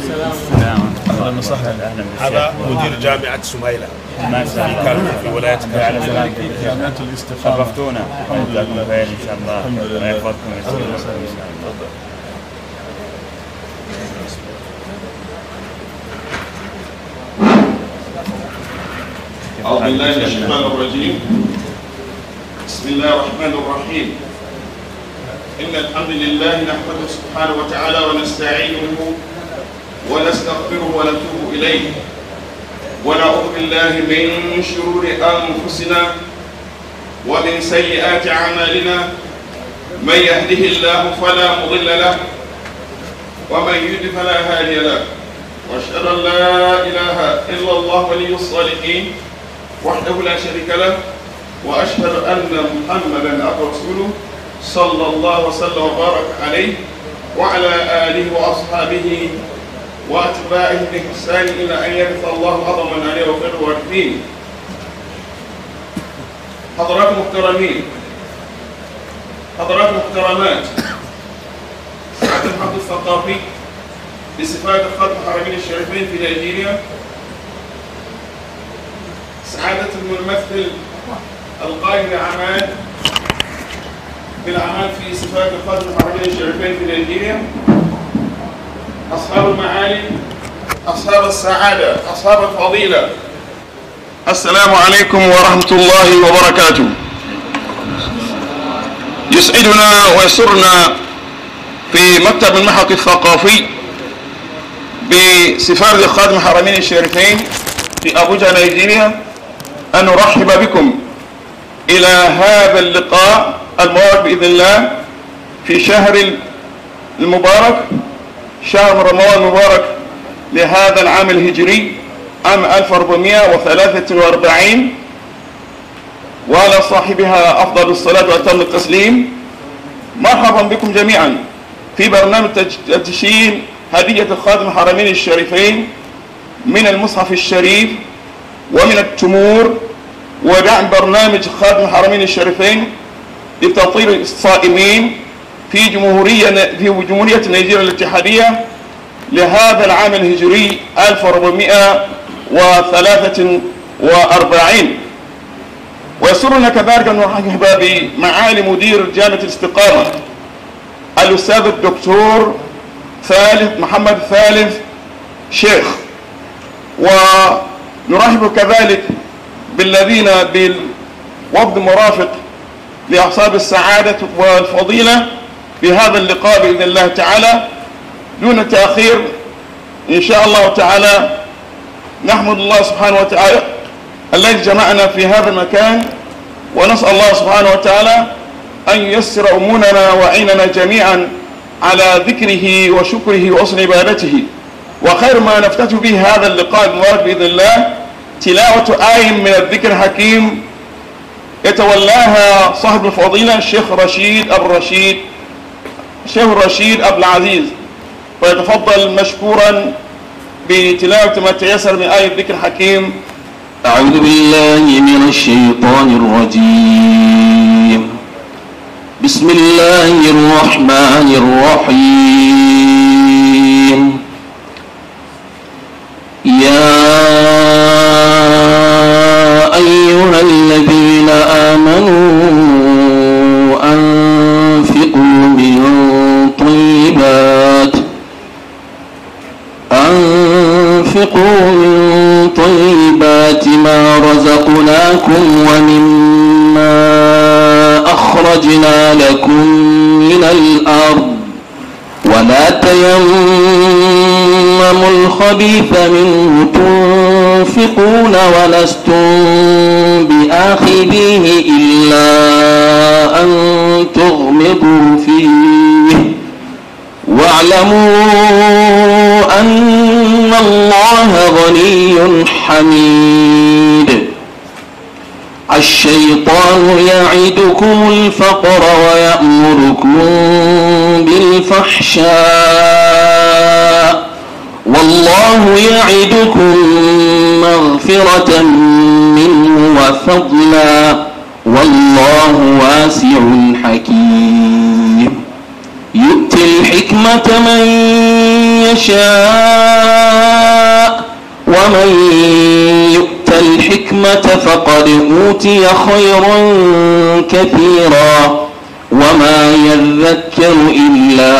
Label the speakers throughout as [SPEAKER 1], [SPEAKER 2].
[SPEAKER 1] السلام عليكم اهلا وسهلا هذا مدير جامعه سميله ما شاء الله في ولايه
[SPEAKER 2] على شرفتونا الحمد لله خير ان شاء الله الله يحفظكم ويسلمكم ان شاء
[SPEAKER 3] الله
[SPEAKER 4] أعوذ بالله من الشيطان الرجيم بسم الله
[SPEAKER 3] الرحمن الرحيم إن الحمد لله نحمده سبحانه وتعالى ونستعينه ولا استغفره ولا اتوب اليه ونعوذ بالله من شرور انفسنا ومن سيئات اعمالنا من يهده الله فلا مضل له ومن يهد فلا هادي له واشهد ان لا اله الا الله ولي الصالحين وحده لا شريك له واشهد ان محمدا رسوله صلى الله وسلم وبارك عليه وعلى اله واصحابه واتباعه باحسان الى ان يرث الله عظما عليه وفقه الوارثين. حضرات محترمين حضرات محترمات سعد الحق الثقافي بصفات خادم الحرمين الشريفين في نيجيريا سعادة الممثل القائم بعمان بالأعمال في صفات خادم الحرمين الشريفين في نيجيريا أصحاب المعالي أصحاب السعادة أصحاب الفضيلة السلام عليكم ورحمة الله وبركاته يسعدنا ويسرنا في مكتب المحق الثقافي بسفارة خادم الحرمين الشريفين في أبوجا نيجيريا أن نرحب بكم إلى هذا اللقاء المبارك بإذن الله في شهر المبارك شهر رمضان المبارك لهذا العام الهجري عام 1443 وعلى صاحبها أفضل الصلاة وأتم التسليم مرحبا بكم جميعا في برنامج تدشين هدية خادم الحرمين الشريفين من المصحف الشريف ومن التمور ودعم برنامج خادم الحرمين الشريفين لتطهير الصائمين في جمهورية في جمهورية نيجيريا الاتحادية لهذا العام الهجري 1443 ويسرنا كذلك أن نرحب بمعالي مدير جامعة الاستقامة الأستاذ الدكتور ثالث محمد ثالث شيخ ونرحب كذلك بالذين بالوفد مرافق لأصحاب السعادة والفضيلة بهذا اللقاء بإذن الله تعالى دون تأخير إن شاء الله تعالى نحمد الله سبحانه وتعالى الذي جمعنا في هذا المكان ونسأل الله سبحانه وتعالى أن ييسر أمورنا وعيننا جميعا على ذكره وشكره وحسن عبادته وخير ما نفتتح به هذا اللقاء المبارك بإذن الله تلاوة آي من الذكر الحكيم يتولاها صاحب الفضيلة الشيخ رشيد أبو رشيد شيخ رشيد عبد العزيز ويتفضل مشكورا بتلاوة ما تيسر من آية الذكر الحكيم أعوذ بالله من الشيطان
[SPEAKER 4] الرجيم بسم الله الرحمن الرحيم يا أخرجنا لكم من الأرض ولا تيمموا الخبيث منه تنفقون ولستم بآخذيه إلا أن تغمضوا فيه واعلموا أن الله غني حميد الشيطان يعدكم الفقر ويأمركم بالفحشاء والله يعدكم مغفرة منه وفضلا والله واسع حكيم يؤتي الحكمة من يشاء ومن يؤتي أوتيت الحكمة فقد أوتي خيرا كثيرا وما يذكر إلا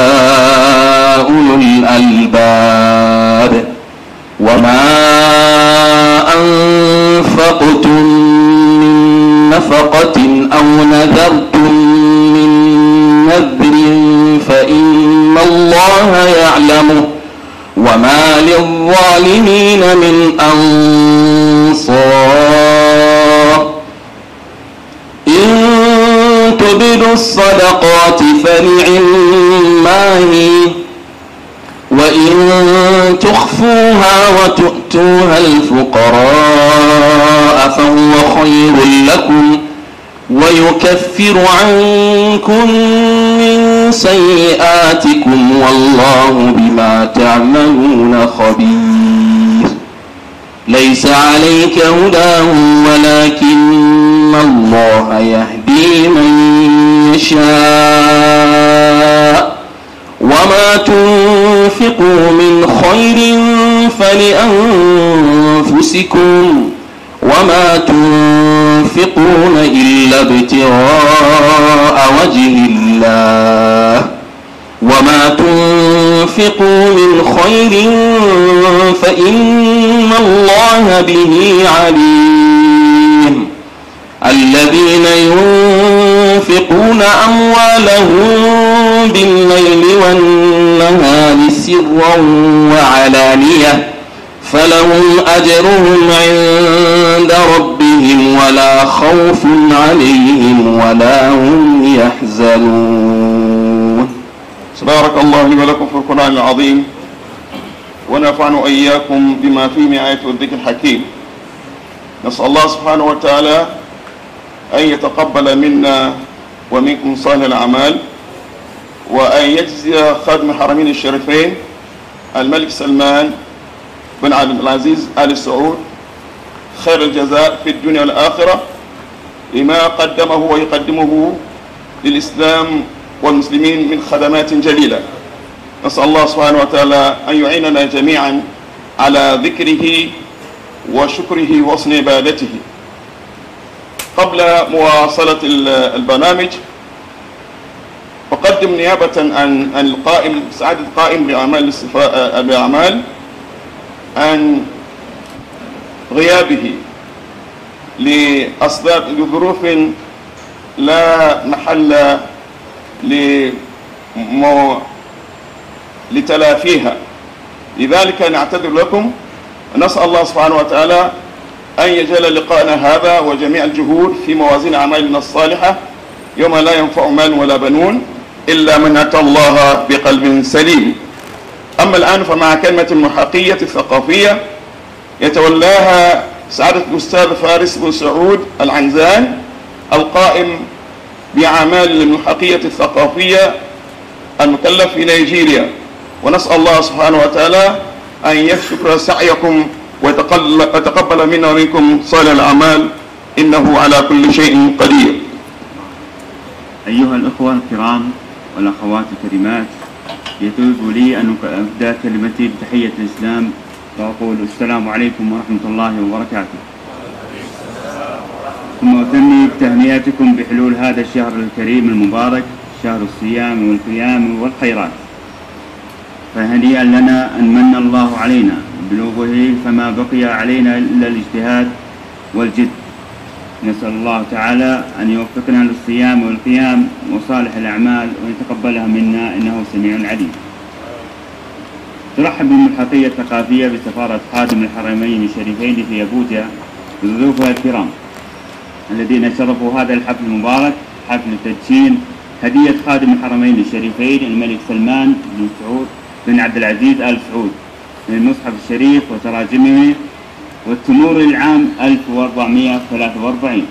[SPEAKER 4] أولو الألباب وما أنفقتم من نفقة أو نذرتم من نذر فإن الله يعلمه وما للظالمين من أنصار إن تبدوا الصدقات فلعماه هي وإن تخفوها وتؤتوها الفقراء فهو خير لكم ويكفر عنكم سيئاتكم والله بما تعملون خبير ليس عليك هداهم ولكن الله يهدي من يشاء وما تنفقوا من خير فلأنفسكم وما تنفقوا ينفقون إلا ابتغاء وجه الله وما تنفقوا من خير فإن الله به عليم الذين ينفقون أموالهم بالليل والنهار سرا وعلانيه فلهم أجرهم عند ربهم ولا خوف عليهم ولا هم يحزنون
[SPEAKER 3] بارك الله لي ولكم في القرآن العظيم ونفعنا إياكم بما فيه من آية الذكر الحكيم نسأل الله سبحانه وتعالى أن يتقبل منا ومنكم صالح الأعمال وأن يجزي خادم الحرمين الشريفين الملك سلمان بن عبد العزيز آل سعود خير الجزاء في الدنيا والآخرة لما قدمه ويقدمه للإسلام والمسلمين من خدمات جليلة نسأل الله سبحانه وتعالى أن يعيننا جميعا على ذكره وشكره وحسن عبادته قبل مواصلة البرنامج أقدم نيابة عن القائم سعادة القائم بأعمال آه، بأعمال عن غيابه لأسباب لظروف لا محل لمو... لتلافيها لذلك نعتذر لكم ونسأل الله سبحانه وتعالى أن يجعل لقاءنا هذا وجميع الجهود في موازين أعمالنا الصالحة يوم لا ينفع مال ولا بنون إلا من أتى الله بقلب سليم أما الآن فمع كلمة المحقية الثقافية يتولاها سعادة الأستاذ فارس بن سعود العنزان القائم بأعمال المحقية الثقافية المكلف في نيجيريا ونسأل الله سبحانه وتعالى أن يشكر سعيكم ويتقبل منا ومنكم صالح الأعمال إنه على كل
[SPEAKER 2] شيء قدير أيها الأخوة الكرام والأخوات الكريمات يتوب لي أن أبدأ كلمتي بتحية الإسلام وأقول السلام عليكم ورحمة الله وبركاته ثم أتمي بتهنئتكم بحلول هذا الشهر الكريم المبارك شهر الصيام والقيام والخيرات فهنيئا لنا أن من الله علينا بلوغه فما بقي علينا إلا الاجتهاد والجد نسأل الله تعالى أن يوفقنا للصيام والقيام وصالح الأعمال وأن يتقبلها منا إنه سميع عليم ترحب بالملحقية الثقافية بسفارة خادم الحرمين الشريفين في أبوجا بضيوفها الكرام الذين شرفوا هذا الحفل المبارك حفل تدشين هدية خادم الحرمين الشريفين الملك سلمان بن سعود بن عبد العزيز آل سعود من المصحف الشريف وتراجمه والتمور العام 1443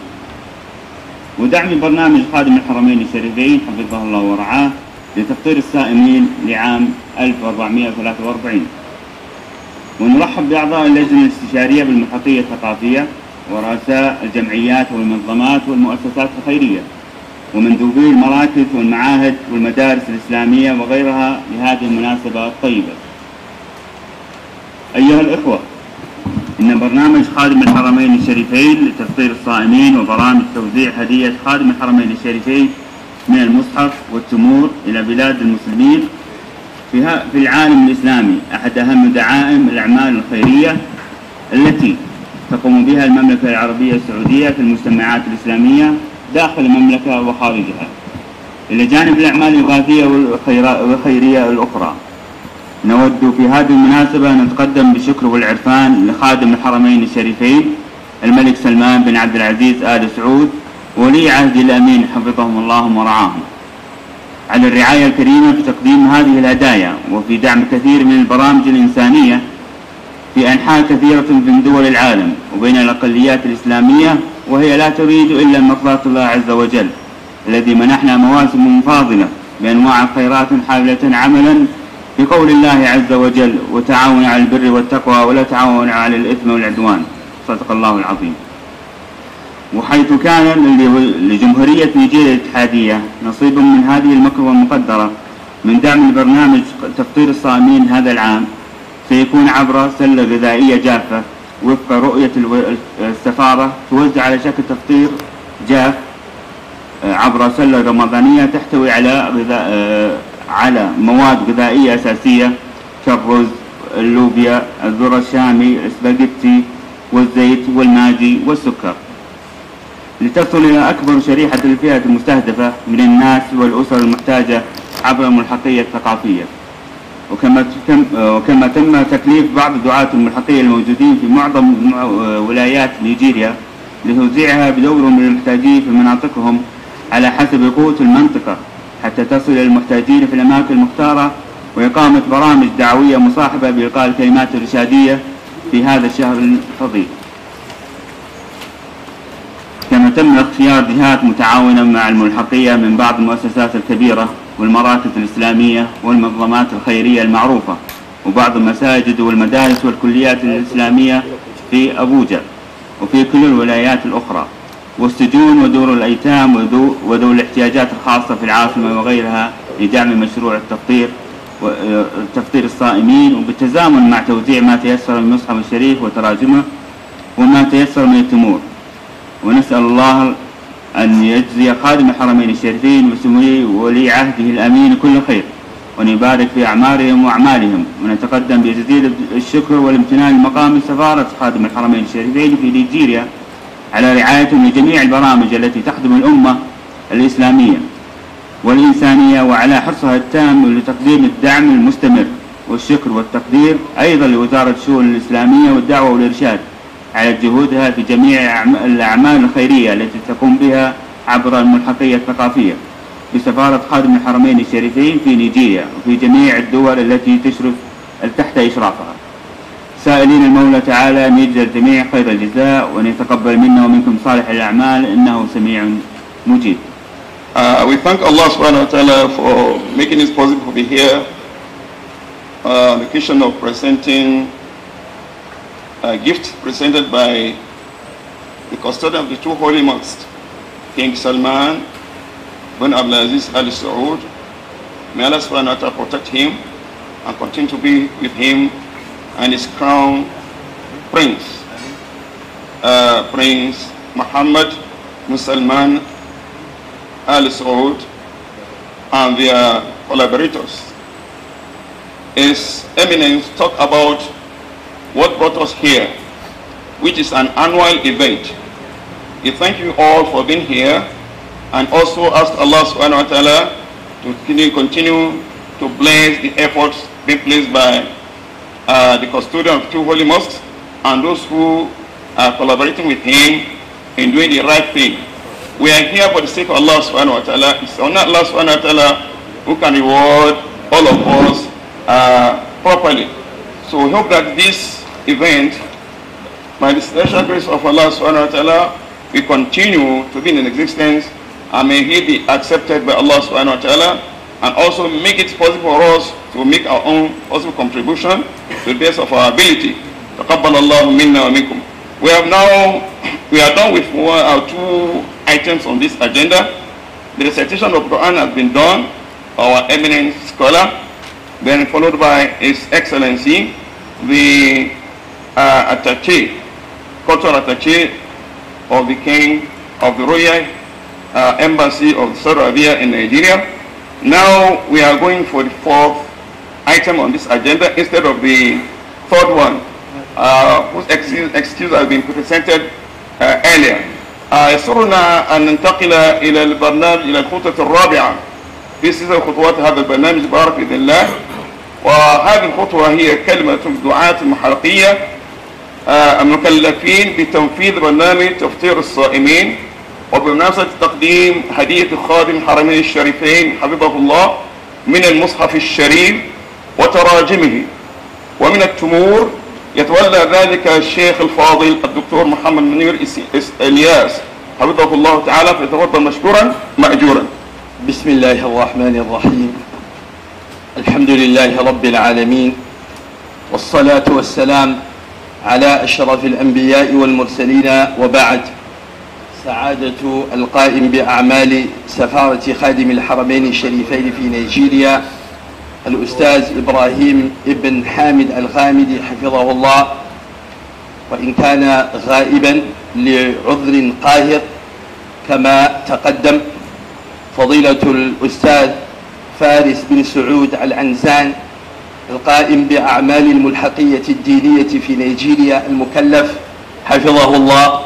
[SPEAKER 2] ودعم برنامج خادم الحرمين الشريفين حفظه الله ورعاه لتفطير السائمين لعام 1443 ونرحب بأعضاء اللجنة الاستشارية بالمحطية الثقافية ورؤساء الجمعيات والمنظمات والمؤسسات الخيرية ومندوبي المراكز والمعاهد والمدارس الإسلامية وغيرها لهذه المناسبة الطيبة أيها الإخوة إن برنامج خادم الحرمين الشريفين لتفطير الصائمين وبرامج توزيع هدية خادم الحرمين الشريفين من المصحف والتمور إلى بلاد المسلمين في العالم الإسلامي أحد أهم دعائم الأعمال الخيرية التي تقوم بها المملكة العربية السعودية في المجتمعات الإسلامية داخل المملكة وخارجها إلى جانب الأعمال الإغاثية والخيرية الأخرى نود في هذه المناسبة أن نتقدم بالشكر والعرفان لخادم الحرمين الشريفين الملك سلمان بن عبد العزيز آل سعود ولي عهد الأمين حفظهم الله ورعاهم على الرعاية الكريمة في تقديم هذه الهدايا وفي دعم كثير من البرامج الإنسانية في أنحاء كثيرة من دول العالم وبين الأقليات الإسلامية وهي لا تريد إلا مرضاة الله عز وجل الذي منحنا مواسم فاضلة بأنواع خيرات حاملة عملا في قول الله عز وجل وتعاون على البر والتقوى ولا تعاون على الإثم والعدوان صدق الله العظيم وحيث كان لجمهورية نيجيريا الاتحادية نصيب من هذه المكروة المقدرة من دعم البرنامج تفطير الصائمين هذا العام سيكون عبر سلة غذائية جافة وفق رؤية السفارة توزع على شكل تفطير جاف عبر سلة رمضانية تحتوي على غذاء آه، على مواد غذائية أساسية كالرز اللوبيا الذرة الشامي السباجيتي والزيت والماجي والسكر لتصل إلى أكبر شريحة الفئة المستهدفة من الناس والأسر المحتاجة عبر الملحقية الثقافية وكما تم, وكما تم تكليف بعض دعاة الملحقية الموجودين في معظم ولايات نيجيريا لتوزيعها بدورهم للمحتاجين في مناطقهم على حسب قوة المنطقة حتى تصل المحتاجين في الأماكن المختارة وإقامة برامج دعوية مصاحبة بإلقاء الكلمات الإرشادية في هذا الشهر الفضيل كما تم اختيار جهات متعاونة مع الملحقية من بعض المؤسسات الكبيرة والمراكز الإسلامية والمنظمات الخيرية المعروفة وبعض المساجد والمدارس والكليات الإسلامية في أبوجا وفي كل الولايات الأخرى والسجون ودور الأيتام وذوي الاحتياجات الخاصة في العاصمة وغيرها لدعم مشروع التفطير آه، تفطير الصائمين وبالتزامن مع توزيع ما تيسر من المصحف الشريف وتراجمه وما تيسر من التمور ونسأل الله أن يجزي خادم الحرمين الشريفين وسمي ولي عهده الأمين كل خير وأن يبارك في أعمارهم وأعمالهم ونتقدم بجزيل الشكر والامتنان لمقام سفارة خادم الحرمين الشريفين في نيجيريا على رعايتهم لجميع البرامج التي تخدم الأمة الإسلامية والإنسانية وعلى حرصها التام لتقديم الدعم المستمر والشكر والتقدير أيضا لوزارة الشؤون الإسلامية والدعوة والإرشاد على جهودها في جميع الأعمال الخيرية التي تقوم بها عبر الملحقية الثقافية بسفارة خادم الحرمين الشريفين في نيجيريا وفي جميع الدول التي تشرف تحت إشرافها سائلين المولى تعالى أن يجزى الجميع خير الجزاء وأن يتقبل منا ومنكم صالح الأعمال إنه سميع مجيب
[SPEAKER 3] Uh, we thank Allah subhanahu wa ta'ala for making it possible to be here uh, the occasion of presenting a gift presented by the custodian of the two holy mosques, King Salman bin Abdulaziz Al Saud. May Allah subhanahu wa ta'ala protect him and continue to be with him and his crown prince, uh, Prince Muhammad Musalman Al Saud and their collaborators. His Eminence talked about what brought us here, which is an annual event. We thank you all for being here and also ask Allah subhanahu wa ta'ala to continue to bless the efforts being placed by uh, the custodian of two holy mosques and those who are collaborating with him in doing the right thing. We are here for the sake of Allah subhanahu wa ta'ala. It's only Allah subhanahu wa ta'ala who can reward all of us uh, properly. So we hope that this event, by the special grace of Allah subhanahu wa ta'ala, we continue to be in existence and may He be accepted by Allah subhanahu wa ta'ala and also make it possible for us to make our own possible contribution to the best of our ability. تقبل الله منا ومنكم we have now, we are done with one, or uh, two items on this agenda. The recitation of Quran has been done, our eminent scholar, then followed by His Excellency, the uh, attaché, cultural attaché of the King of the Royal uh, Embassy of Saudi Arabia in Nigeria. Now we are going for the fourth item on this agenda instead of the third one Uh, whose excuse has been presented uh, earlier uh, يسرنا أن ننتقل إلى البرنامج إلى الخطوة الرابعة في سلسلة خطوات هذا البرنامج بارك بإذن الله وهذه الخطوة هي كلمة دعاة المحرقية المكلفين بتنفيذ برنامج تفطير الصائمين وبمناسبة تقديم هدية خادم الحرمين الشريفين حفظه الله من المصحف الشريف وتراجمه ومن التمور يتولى ذلك الشيخ الفاضل الدكتور محمد منير الياس حفظه الله
[SPEAKER 5] تعالى فيتفضل مشكورا ماجورا. بسم الله الرحمن الرحيم. الحمد لله رب العالمين والصلاه والسلام على اشرف الانبياء والمرسلين وبعد. سعادة القائم بأعمال سفارة خادم الحرمين الشريفين في نيجيريا الأستاذ إبراهيم ابن حامد الغامدي حفظه الله وإن كان غائبا لعذر قاهر كما تقدم فضيلة الأستاذ فارس بن سعود العنزان القائم بأعمال الملحقية الدينية في نيجيريا المكلف حفظه الله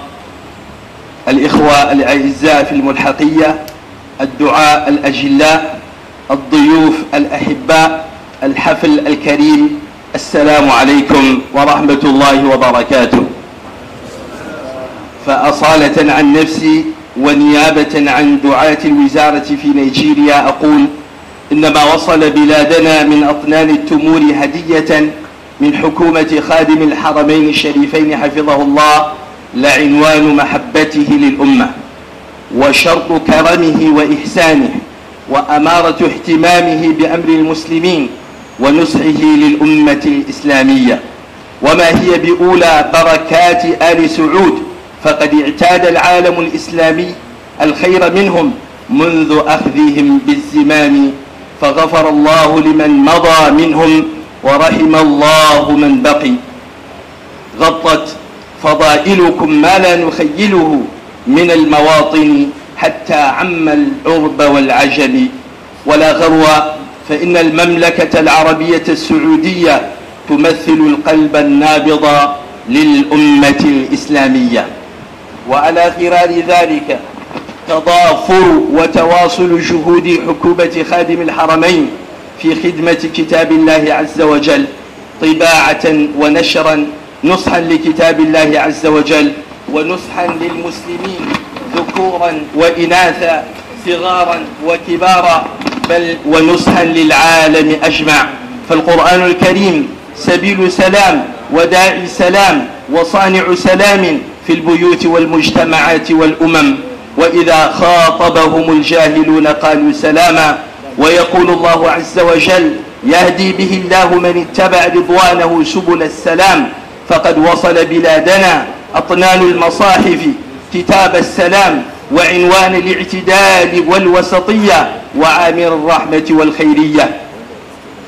[SPEAKER 5] الإخوة الأعزاء في الملحقية الدعاء الأجلاء الضيوف الأحباء الحفل الكريم السلام عليكم ورحمة الله وبركاته فأصالة عن نفسي ونيابة عن دعاة الوزارة في نيجيريا أقول إن ما وصل بلادنا من أطنان التمور هدية من حكومة خادم الحرمين الشريفين حفظه الله لعنوان محبته للأمة وشرط كرمه وإحسانه وأمارة اهتمامه بأمر المسلمين ونصحه للأمة الإسلامية وما هي بأولى بركات آل سعود فقد اعتاد العالم الإسلامي الخير منهم منذ أخذهم بالزمام فغفر الله لمن مضى منهم ورحم الله من بقي غطت فضائلكم ما لا نخيله من المواطن حتى عم العرب والعجم ولا غرو فإن المملكة العربية السعودية تمثل القلب النابض للأمة الإسلامية وعلى غرار ذلك تضافر وتواصل جهود حكومة خادم الحرمين في خدمة كتاب الله عز وجل طباعة ونشرا نصحا لكتاب الله عز وجل ونصحا للمسلمين ذكورا وإناثا صغارا وكبارا بل ونصحا للعالم أجمع فالقرآن الكريم سبيل سلام وداعي سلام وصانع سلام في البيوت والمجتمعات والأمم وإذا خاطبهم الجاهلون قالوا سلاما ويقول الله عز وجل يهدي به الله من اتبع رضوانه سبل السلام فقد وصل بلادنا أطنان المصاحف كتاب السلام وعنوان الاعتدال والوسطية وعامر الرحمة والخيرية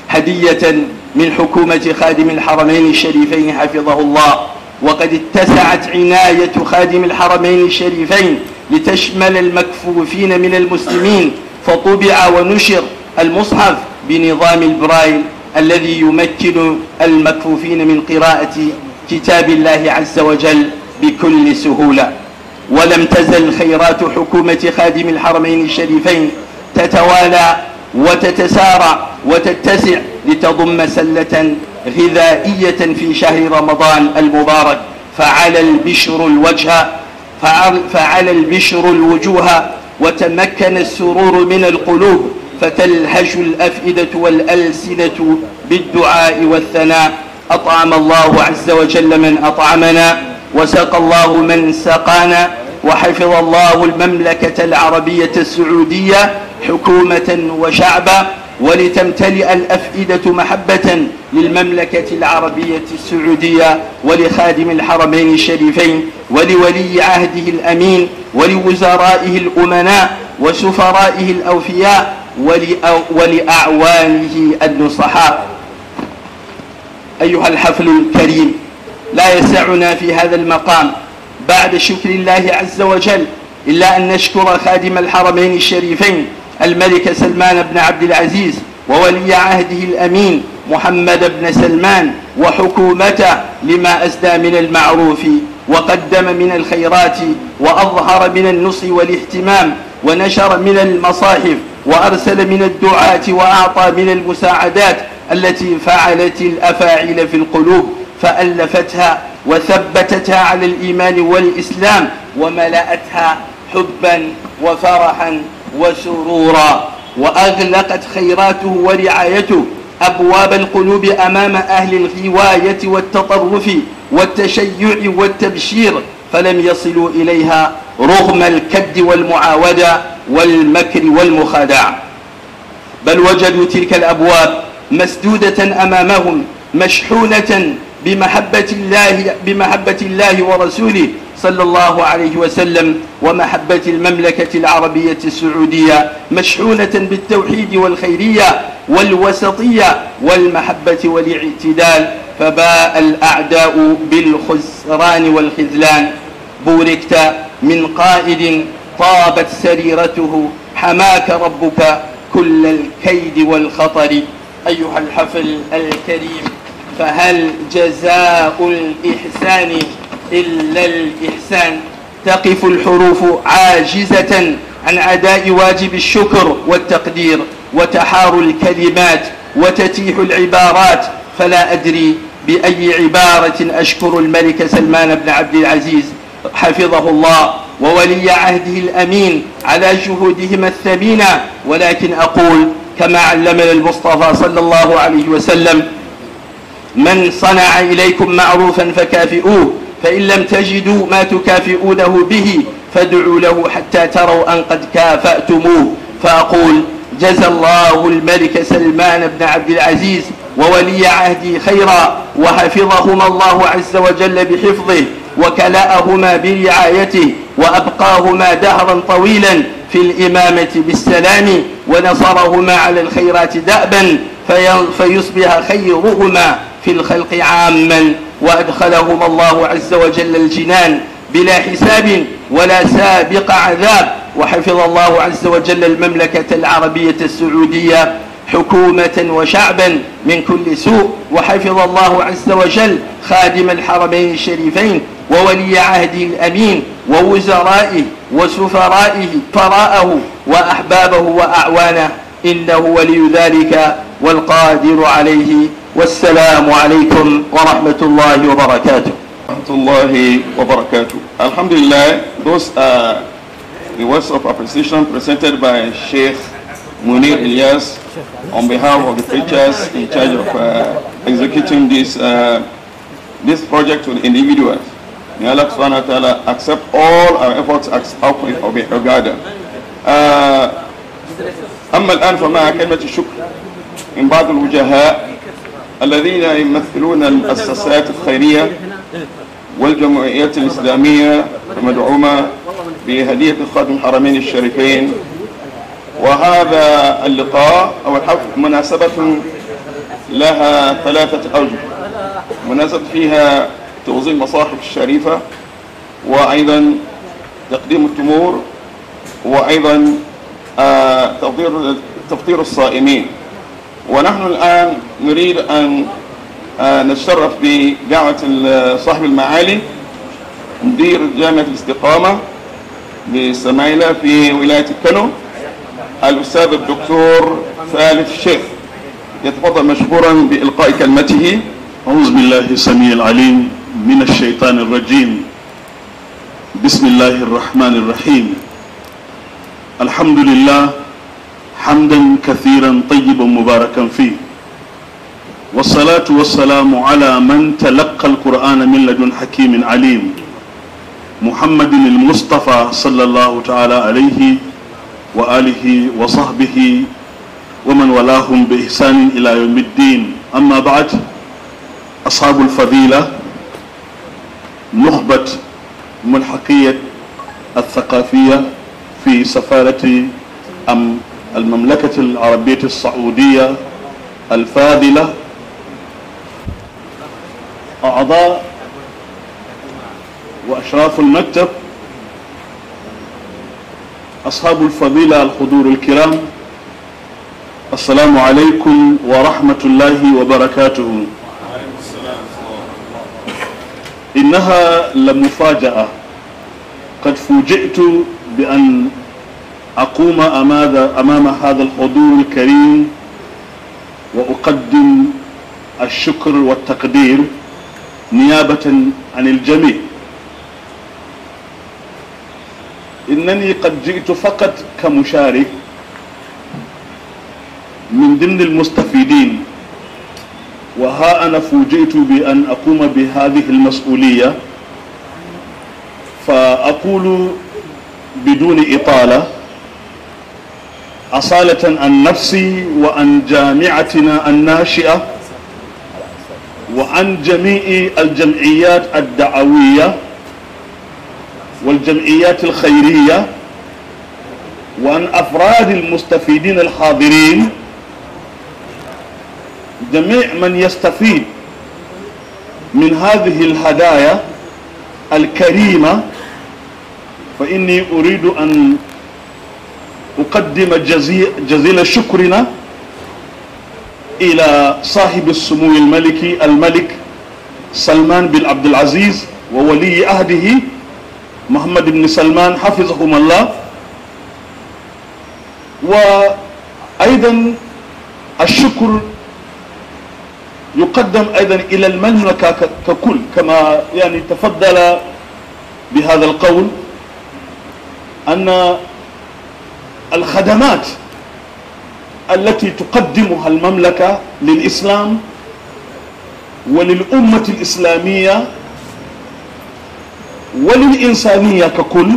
[SPEAKER 5] هدية من حكومة خادم الحرمين الشريفين حفظه الله وقد اتسعت عناية خادم الحرمين الشريفين لتشمل المكفوفين من المسلمين فطبع ونشر المصحف بنظام البرايل الذي يمكن المكفوفين من قراءة كتاب الله عز وجل بكل سهوله ولم تزل خيرات حكومة خادم الحرمين الشريفين تتوالى وتتسارع وتتسع لتضم سلة غذائية في شهر رمضان المبارك فعلى البشر الوجه فعلى البشر الوجوه وتمكن السرور من القلوب فتلهج الأفئدة والألسنة بالدعاء والثناء أطعم الله عز وجل من أطعمنا وسقى الله من سقانا وحفظ الله المملكة العربية السعودية حكومة وشعبا ولتمتلئ الأفئدة محبة للمملكة العربية السعودية ولخادم الحرمين الشريفين ولولي عهده الأمين ولوزرائه الأمناء وسفرائه الأوفياء ولأعوانه النصحاء أيها الحفل الكريم لا يسعنا في هذا المقام بعد شكر الله عز وجل إلا أن نشكر خادم الحرمين الشريفين الملك سلمان بن عبد العزيز وولي عهده الأمين محمد بن سلمان وحكومته لما أسدى من المعروف وقدم من الخيرات وأظهر من النص والاهتمام ونشر من المصاحف وأرسل من الدعاة وأعطى من المساعدات التي فعلت الأفاعل في القلوب فألفتها وثبتتها على الإيمان والإسلام وملأتها حبا وفرحا وسرورا وأغلقت خيراته ورعايته أبواب القلوب أمام أهل الغواية والتطرف والتشيع والتبشير فلم يصلوا إليها رغم الكد والمعاودة والمكر والمخادعة بل وجدوا تلك الأبواب مسدودة أمامهم مشحونة بمحبة الله بمحبة الله ورسوله صلى الله عليه وسلم ومحبة المملكة العربية السعودية مشحونة بالتوحيد والخيرية والوسطية والمحبة والاعتدال فباء الأعداء بالخسران والخذلان بوركت من قائد طابت سريرته حماك ربك كل الكيد والخطر أيها الحفل الكريم فهل جزاء الإحسان إلا الإحسان تقف الحروف عاجزة عن أداء واجب الشكر والتقدير وتحار الكلمات وتتيح العبارات فلا أدري بأي عبارة أشكر الملك سلمان بن عبد العزيز حفظه الله وولي عهده الأمين على جهودهما الثمينة ولكن أقول كما علمنا المصطفى صلى الله عليه وسلم من صنع إليكم معروفا فكافئوه فإن لم تجدوا ما تكافئونه به فادعوا له حتى تروا أن قد كافأتموه فأقول جزى الله الملك سلمان بن عبد العزيز وولي عهدي خيرا وحفظهما الله عز وجل بحفظه وكلاءهما برعايته وأبقاهما دهرا طويلا في الإمامة بالسلام ونصرهما على الخيرات دأبا فيصبح خيرهما في الخلق عاما وأدخلهم الله عز وجل الجنان بلا حساب ولا سابق عذاب وحفظ الله عز وجل المملكة العربية السعودية حكومة وشعبا من كل سوء وحفظ الله عز وجل خادم الحرمين الشريفين وولي عهده الأمين ووزرائه وسفرائه فراءه وأحبابه وأعوانه إنه ولي ذلك والقادر عليه والسلام عليكم ورحمة الله وبركاته
[SPEAKER 3] ورحمة الله وبركاته لله those are the words of appreciation presented by Sheikh Munir Ilyas on behalf of the preachers in charge of uh, executing this, uh, this project to the individuals. May Allah subhanahu wa ta'ala accept all our efforts out of Ogada. أما الآن فما كلمة الشكر من بعض الوجهاء الذين يمثلون المؤسسات الخيرية والجمعيات الإسلامية المدعومة بهدية خادم الحرمين الشريفين وهذا اللقاء أو الحفل مناسبة لها ثلاثة أوجه مناسبة فيها توظيف المصاحف الشريفة وأيضا تقديم التمور وأيضا آه، تفطير الصائمين ونحن الآن نريد أن آه، نتشرف بدعوة صاحب المعالي مدير جامعة الاستقامة بسمايلة في ولاية الكلو الأستاذ الدكتور ثالث الشيخ
[SPEAKER 1] يتفضل مشكورا بإلقاء كلمته أعوذ بالله السميع العليم من الشيطان الرجيم بسم الله الرحمن الرحيم الحمد لله حمدا كثيرا طيبا مباركا فيه والصلاة والسلام على من تلقى القرآن من لدن حكيم عليم محمد المصطفى صلى الله تعالى عليه وآله وصحبه ومن ولاهم بإحسان إلى يوم الدين أما بعد أصحاب الفضيلة نخبة ملحقية الثقافية في سفارة أم المملكة العربية السعودية الفاضلة أعضاء وأشراف المكتب أصحاب الفضيلة الحضور الكرام السلام عليكم ورحمة الله وبركاته إنها لمفاجأة قد فوجئت بأن أقوم أمام هذا الحضور الكريم وأقدم الشكر والتقدير نيابة عن الجميع إنني قد جئت فقط كمشارك من ضمن المستفيدين وها أنا فوجئت بأن أقوم بهذه المسؤولية فأقول بدون إطالة أصالة عن نفسي وعن جامعتنا الناشئة وعن جميع الجمعيات الدعوية والجمعيات الخيرية وعن أفراد المستفيدين الحاضرين جميع من يستفيد من هذه الهدايا الكريمة فإني أريد أن نقدم جزيل شكرنا إلى صاحب السمو الملكي الملك سلمان بن عبد العزيز وولي عهده محمد بن سلمان حفظهم الله وأيضا الشكر يقدم أيضا إلى المملكة ككل كما يعني تفضل بهذا القول أن الخدمات التي تقدمها المملكة للإسلام وللأمة الإسلامية وللإنسانية ككل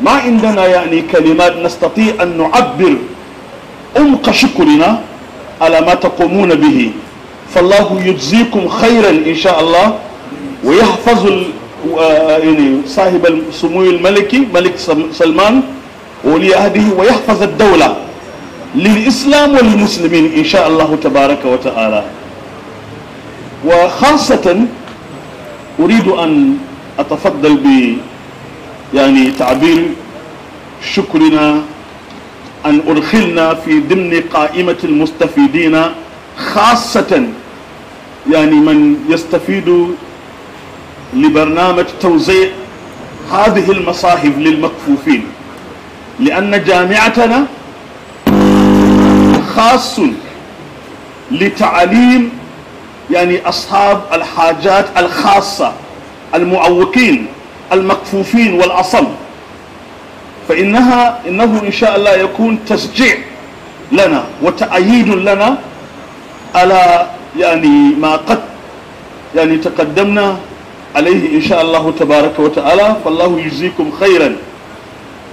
[SPEAKER 1] ما عندنا يعني كلمات نستطيع أن نعبر عمق شكرنا على ما تقومون به فالله يجزيكم خيرا إن شاء الله ويحفظ آه، يعني صاحب السمو الملكي ملك سلمان ولي عهده ويحفظ الدولة للإسلام والمسلمين إن شاء الله تبارك وتعالى وخاصة أريد أن أتفضل ب يعني تعبير شكرنا أن أدخلنا في ضمن قائمة المستفيدين خاصة يعني من يستفيد لبرنامج توزيع هذه المصاحف للمكفوفين لأن جامعتنا خاص لتعليم يعني أصحاب الحاجات الخاصة المعوقين المكفوفين والأصل فإنها إنه إن شاء الله يكون تشجيع لنا وتأييد لنا على يعني ما قد يعني تقدمنا عليه إن شاء الله تبارك وتعالى فالله يجزيكم خيراً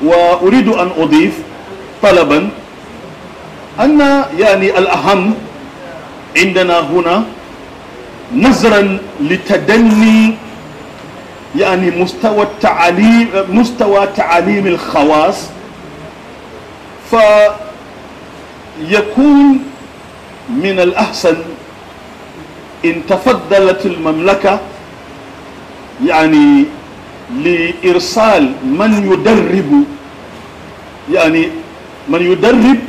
[SPEAKER 1] وأريد أن أضيف طلبا أن يعني الأهم عندنا هنا نظرا لتدني يعني مستوى التعليم مستوى تعليم الخواص فيكون من الأحسن إن تفضلت المملكة يعني لإرسال من يدرب يعني من يدرب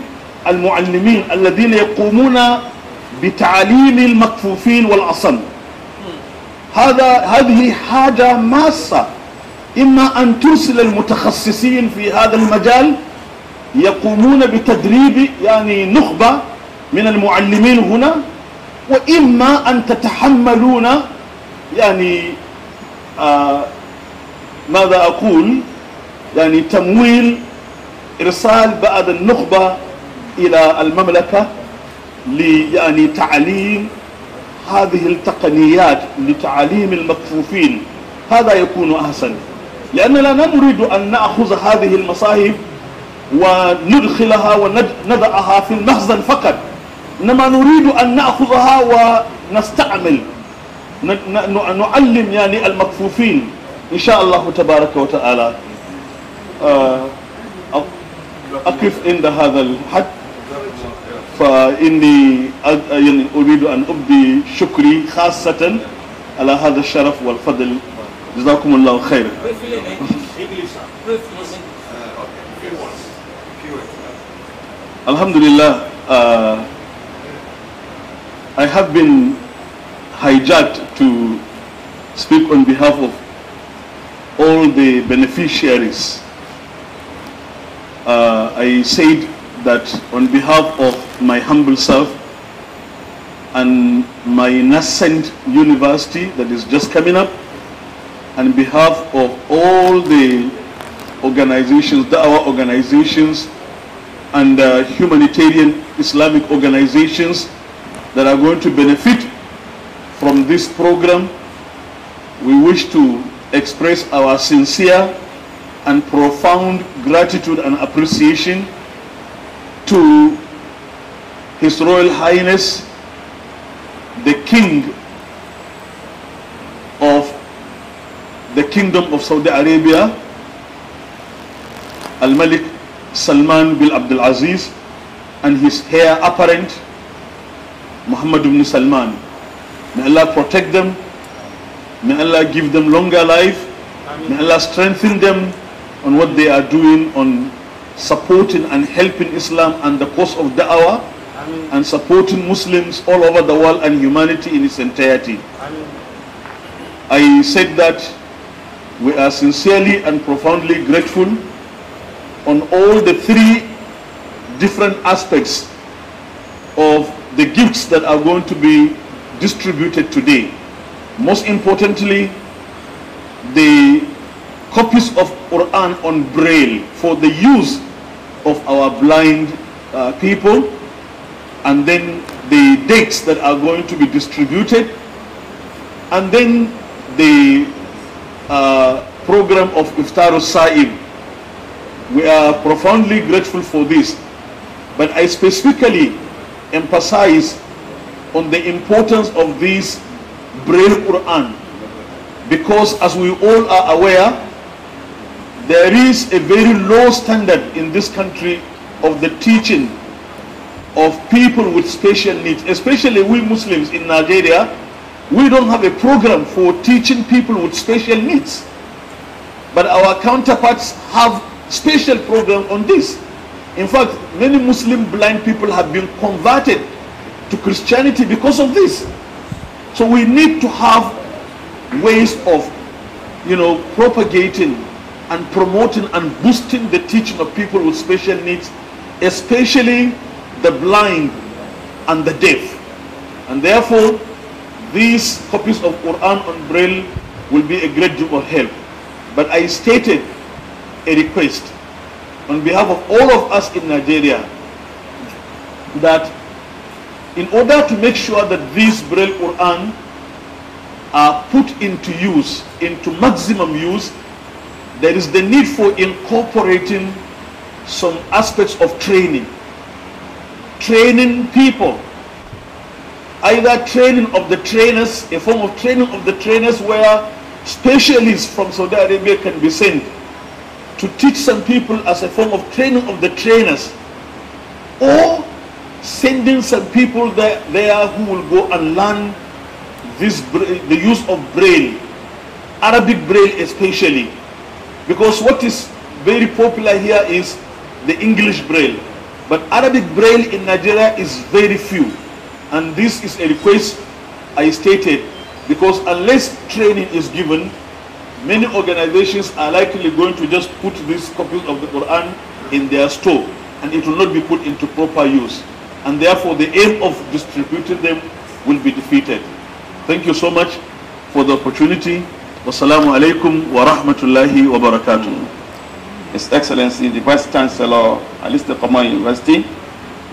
[SPEAKER 1] المعلمين الذين يقومون بتعليم المكفوفين والأصم هذا هذه حاجة ماسة إما أن ترسل المتخصصين في هذا المجال يقومون بتدريب يعني نخبة من المعلمين هنا وإما أن تتحملون يعني آه ماذا أقول يعني تمويل إرسال بعض النخبة إلى المملكة يعني تعليم هذه التقنيات لتعليم المكفوفين هذا يكون أحسن لأننا لا نريد أن نأخذ هذه المصاهب وندخلها ونضعها في المخزن فقط إنما نريد أن نأخذها ونستعمل نعلم يعني المكفوفين إن شاء الله تبارك وتعالى آه، أقف عند هذا الحد فإني يعني أريد أن أبدي شكري خاصة على هذا الشرف والفضل جزاكم الله خيرا Alhamdulillah, uh, I have been hijacked to speak on behalf of all the beneficiaries. Uh, I said that on behalf of my humble self and my nascent university that is just coming up, and behalf of all the organizations, our organizations, and uh, humanitarian Islamic organizations that are going to benefit from this program. We wish to express our sincere and profound gratitude and appreciation to His Royal Highness, the King of the Kingdom of Saudi Arabia, Al-Malik Salman bin Abdul Aziz, and his heir apparent, Muhammad bin Salman. May Allah protect them May Allah give them longer life. May Allah strengthen them on what they are doing on supporting and helping Islam and the cause of da'wah and supporting Muslims all over the world and humanity in its entirety. I said that we are sincerely and profoundly grateful on all the three different aspects of the gifts that are going to be distributed today. Most importantly, the copies of Quran on Braille for the use of our blind uh, people and then the dates that are going to be distributed and then the uh, program of Iftar Sa'im. We are profoundly grateful for this but I specifically emphasize on the importance of these braille Quran. Because as we all are aware, there is a very low standard in this country of the teaching of people with special needs, especially we Muslims in Nigeria. We don't have a program for teaching people with special needs. But our counterparts have special program on this. In fact, many Muslim blind people have been converted to Christianity because of this. So we need to have ways of, you know, propagating and promoting and boosting the teaching of people with special needs, especially the blind and the deaf. And therefore, these copies of Quran on Braille will be a great deal of help. But I stated a request on behalf of all of us in Nigeria that in order to make sure that these Braille Quran are put into use, into maximum use, there is the need for incorporating some aspects of training. Training people. Either training of the trainers, a form of training of the trainers where specialists from Saudi Arabia can be sent to teach some people as a form of training of the trainers. Or sending some people there, there who will go and learn this the use of braille arabic braille especially because what is very popular here is the english braille but arabic braille in nigeria is very few and this is a request i stated because unless training is given many organizations are likely going to just put these copies of the quran in their store and it will not be put into proper use and therefore the aim of distributing them will be defeated. Thank you so much for the opportunity. Wassalamu alaikum wa rahmatullahi wa barakatuh. His Excellency the Vice
[SPEAKER 3] Chancellor Alistair Kamal University,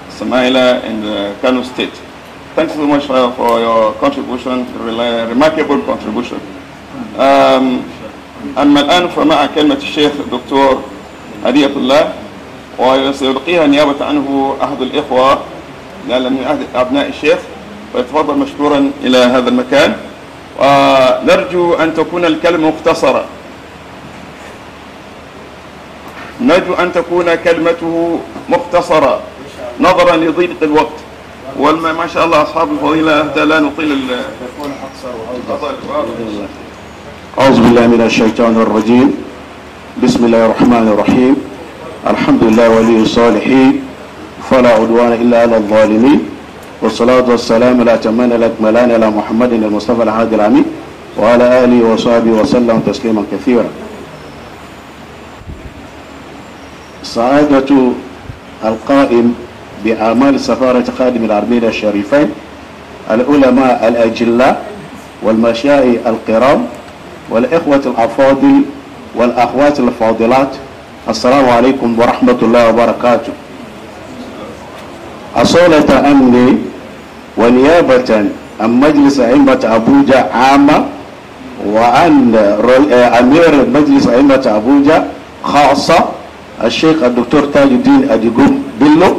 [SPEAKER 3] Samaila and uh, Kano State. Thanks so much uh, for your contribution, remarkable contribution. أما الآن فمع كلمة الشيخ الدكتور هدية الله وسيلقيها نيابة عنه أحد الإخوة نال من عهد أبناء الشيخ ويتفضل مشكورا إلى هذا المكان ونرجو أن تكون الكلمة مختصرة نرجو أن تكون كلمته مختصرة نظرا لضيق الوقت والما ما شاء الله أصحاب الفضيلة لا نطيل
[SPEAKER 6] أعوذ بالله من الشيطان الرجيم بسم الله الرحمن الرحيم الحمد لله ولي الصالحين فلا عدوان إلا على الظالمين والصلاة والسلام الأتمان الأكملان على محمد المصطفى العهد العميد وعلى آله وصحبه وسلم تسليما كثيرا سعادة القائم بأعمال سفارة خادم العربية الشريفين العلماء الأجلاء والمشايخ القرام والإخوة الأفاضل والأخوات الفاضلات السلام عليكم ورحمة الله وبركاته أصولة أمني ونيابة عن مجلس أئمة أبوجا عامة وعن آه، أمير مجلس أئمة أبوجا خاصة الشيخ الدكتور تاج الدين أديقوم بلو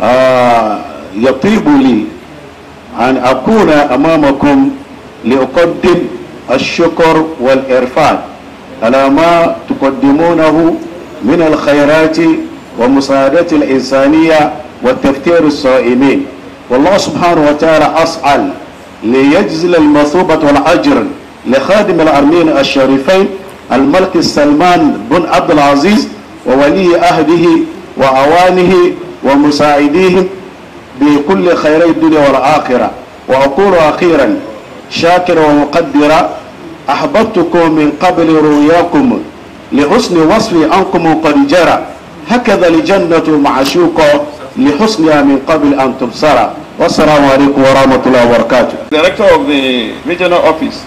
[SPEAKER 6] آه يطيب لي أن أكون أمامكم لأقدم الشكر والإرفان على ما تقدمونه من الخيرات ومساعدة الإنسانية والتفتير الصائمين والله سبحانه وتعالى أسأل ليجزل المثوبة والأجر لخادم الأرمين الشريفين الملك سلمان بن عبد العزيز وولي أهده وأوانه ومساعديه بكل خيري الدنيا والآخرة وأقول أخيرا شاكرا ومقدرا أحببتكم من قبل رؤياكم لحسن وصفي عنكم قد جرى هكذا لجنة معشوقة لحسنها من قبل أن تبصر والسلام
[SPEAKER 3] عليكم ورحمة الله وبركاته Director of the Regional Office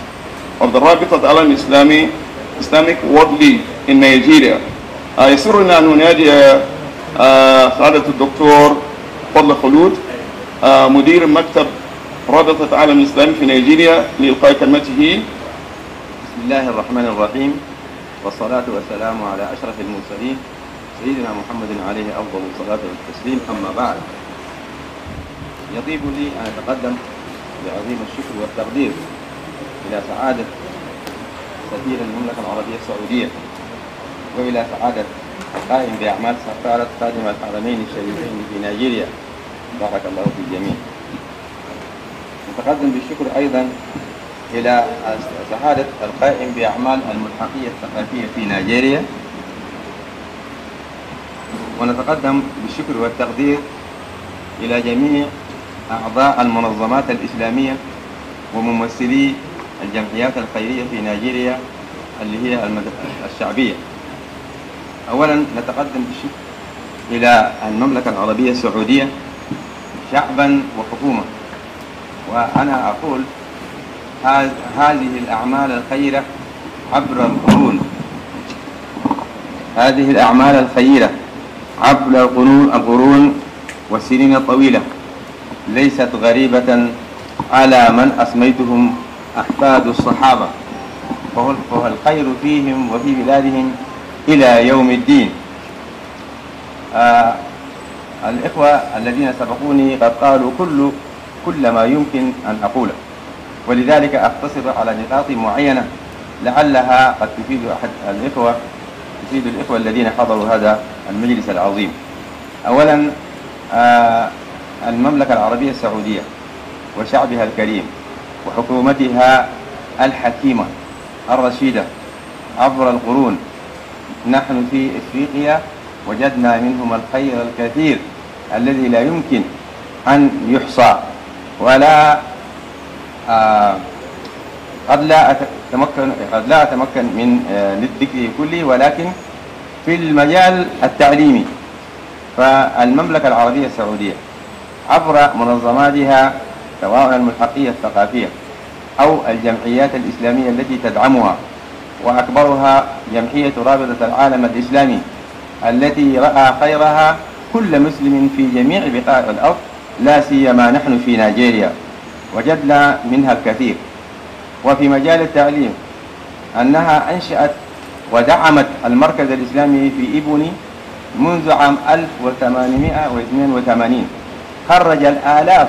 [SPEAKER 3] of the of Alam Islami Islamic World League in Nigeria uh, يسرنا أن ننادي سعادة uh, uh, الدكتور فضل خلود مدير مكتب رابطة عالم الإسلام في نيجيريا لإلقاء كلمته بسم
[SPEAKER 7] الله الرحمن الرحيم والصلاة والسلام على أشرف المرسلين سيدنا محمد عليه أفضل الصلاة والتسليم أما بعد يطيب لي أن أتقدم بعظيم الشكر والتقدير إلى سعادة سفير المملكة العربية السعودية وإلى سعادة القائم بأعمال سفارة خادم الحرمين الشريفين في نيجيريا بارك الله في الجميع نتقدم بالشكر أيضا إلى سعادة القائم بأعمال الملحقية الثقافية في نيجيريا ونتقدم بالشكر والتقدير إلى جميع أعضاء المنظمات الإسلامية وممثلي الجمعيات الخيرية في نيجيريا اللي هي الشعبية أولا نتقدم بالشكر إلى المملكة العربية السعودية شعبا وحكومة وأنا أقول هذه الأعمال الخيرة عبر القرون هذه الأعمال الخيرة عبر القرون والسنين الطويلة ليست غريبة على من أسميتهم أحفاد الصحابة فهو الخير فيهم وفي بلادهم إلى يوم الدين آه الإخوة الذين سبقوني قد قالوا كل كل ما يمكن أن أقوله ولذلك اقتصر على نقاط معينة لعلها قد تفيد أحد الإخوة تفيد الإخوة الذين حضروا هذا المجلس العظيم أولا آه، المملكة العربية السعودية وشعبها الكريم وحكومتها الحكيمة الرشيدة عبر القرون نحن في إفريقيا وجدنا منهم الخير الكثير الذي لا يمكن أن يحصى ولا آه قد لا أتمكن قد لا أتمكن من آه، ذكره كله ولكن في المجال التعليمي فالمملكة العربية السعودية عبر منظماتها سواء الملحقية الثقافية أو الجمعيات الإسلامية التي تدعمها وأكبرها جمعية رابطة العالم الإسلامي التي رأى خيرها كل مسلم في جميع بقاع الأرض لا سيما نحن في نيجيريا وجدنا منها الكثير وفي مجال التعليم أنها أنشأت ودعمت المركز الإسلامي في إبوني منذ عام 1882 خرج الآلاف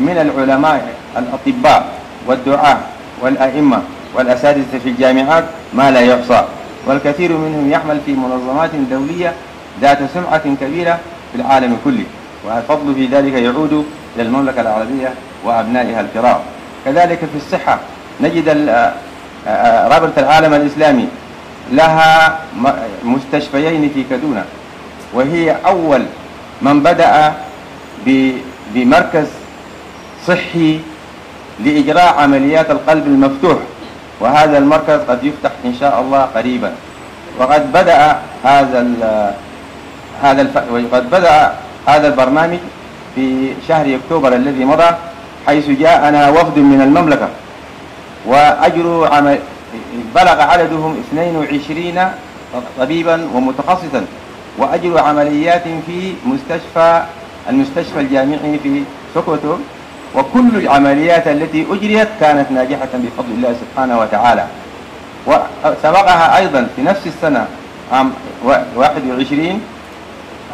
[SPEAKER 7] من العلماء الأطباء والدعاة والأئمة والأساتذة في الجامعات ما لا يحصى والكثير منهم يعمل في منظمات دولية ذات سمعة كبيرة في العالم كله والفضل في ذلك يعود للمملكة العربية وأبنائها الكرام كذلك في الصحة نجد آه، آه، رابطة العالم الإسلامي لها مستشفيين في كادونا وهي أول من بدأ بمركز صحي لإجراء عمليات القلب المفتوح وهذا المركز قد يفتح إن شاء الله قريبا وقد بدأ هذا هذا وقد بدأ هذا البرنامج في شهر أكتوبر الذي مضى حيث جاءنا وفد من المملكة وأجر عمل بلغ عددهم 22 طبيبا ومتخصصا وأجر عمليات في مستشفى المستشفى الجامعي في سوكوتو وكل العمليات التي أجريت كانت ناجحة بفضل الله سبحانه وتعالى وسبقها أيضا في نفس السنة عام 21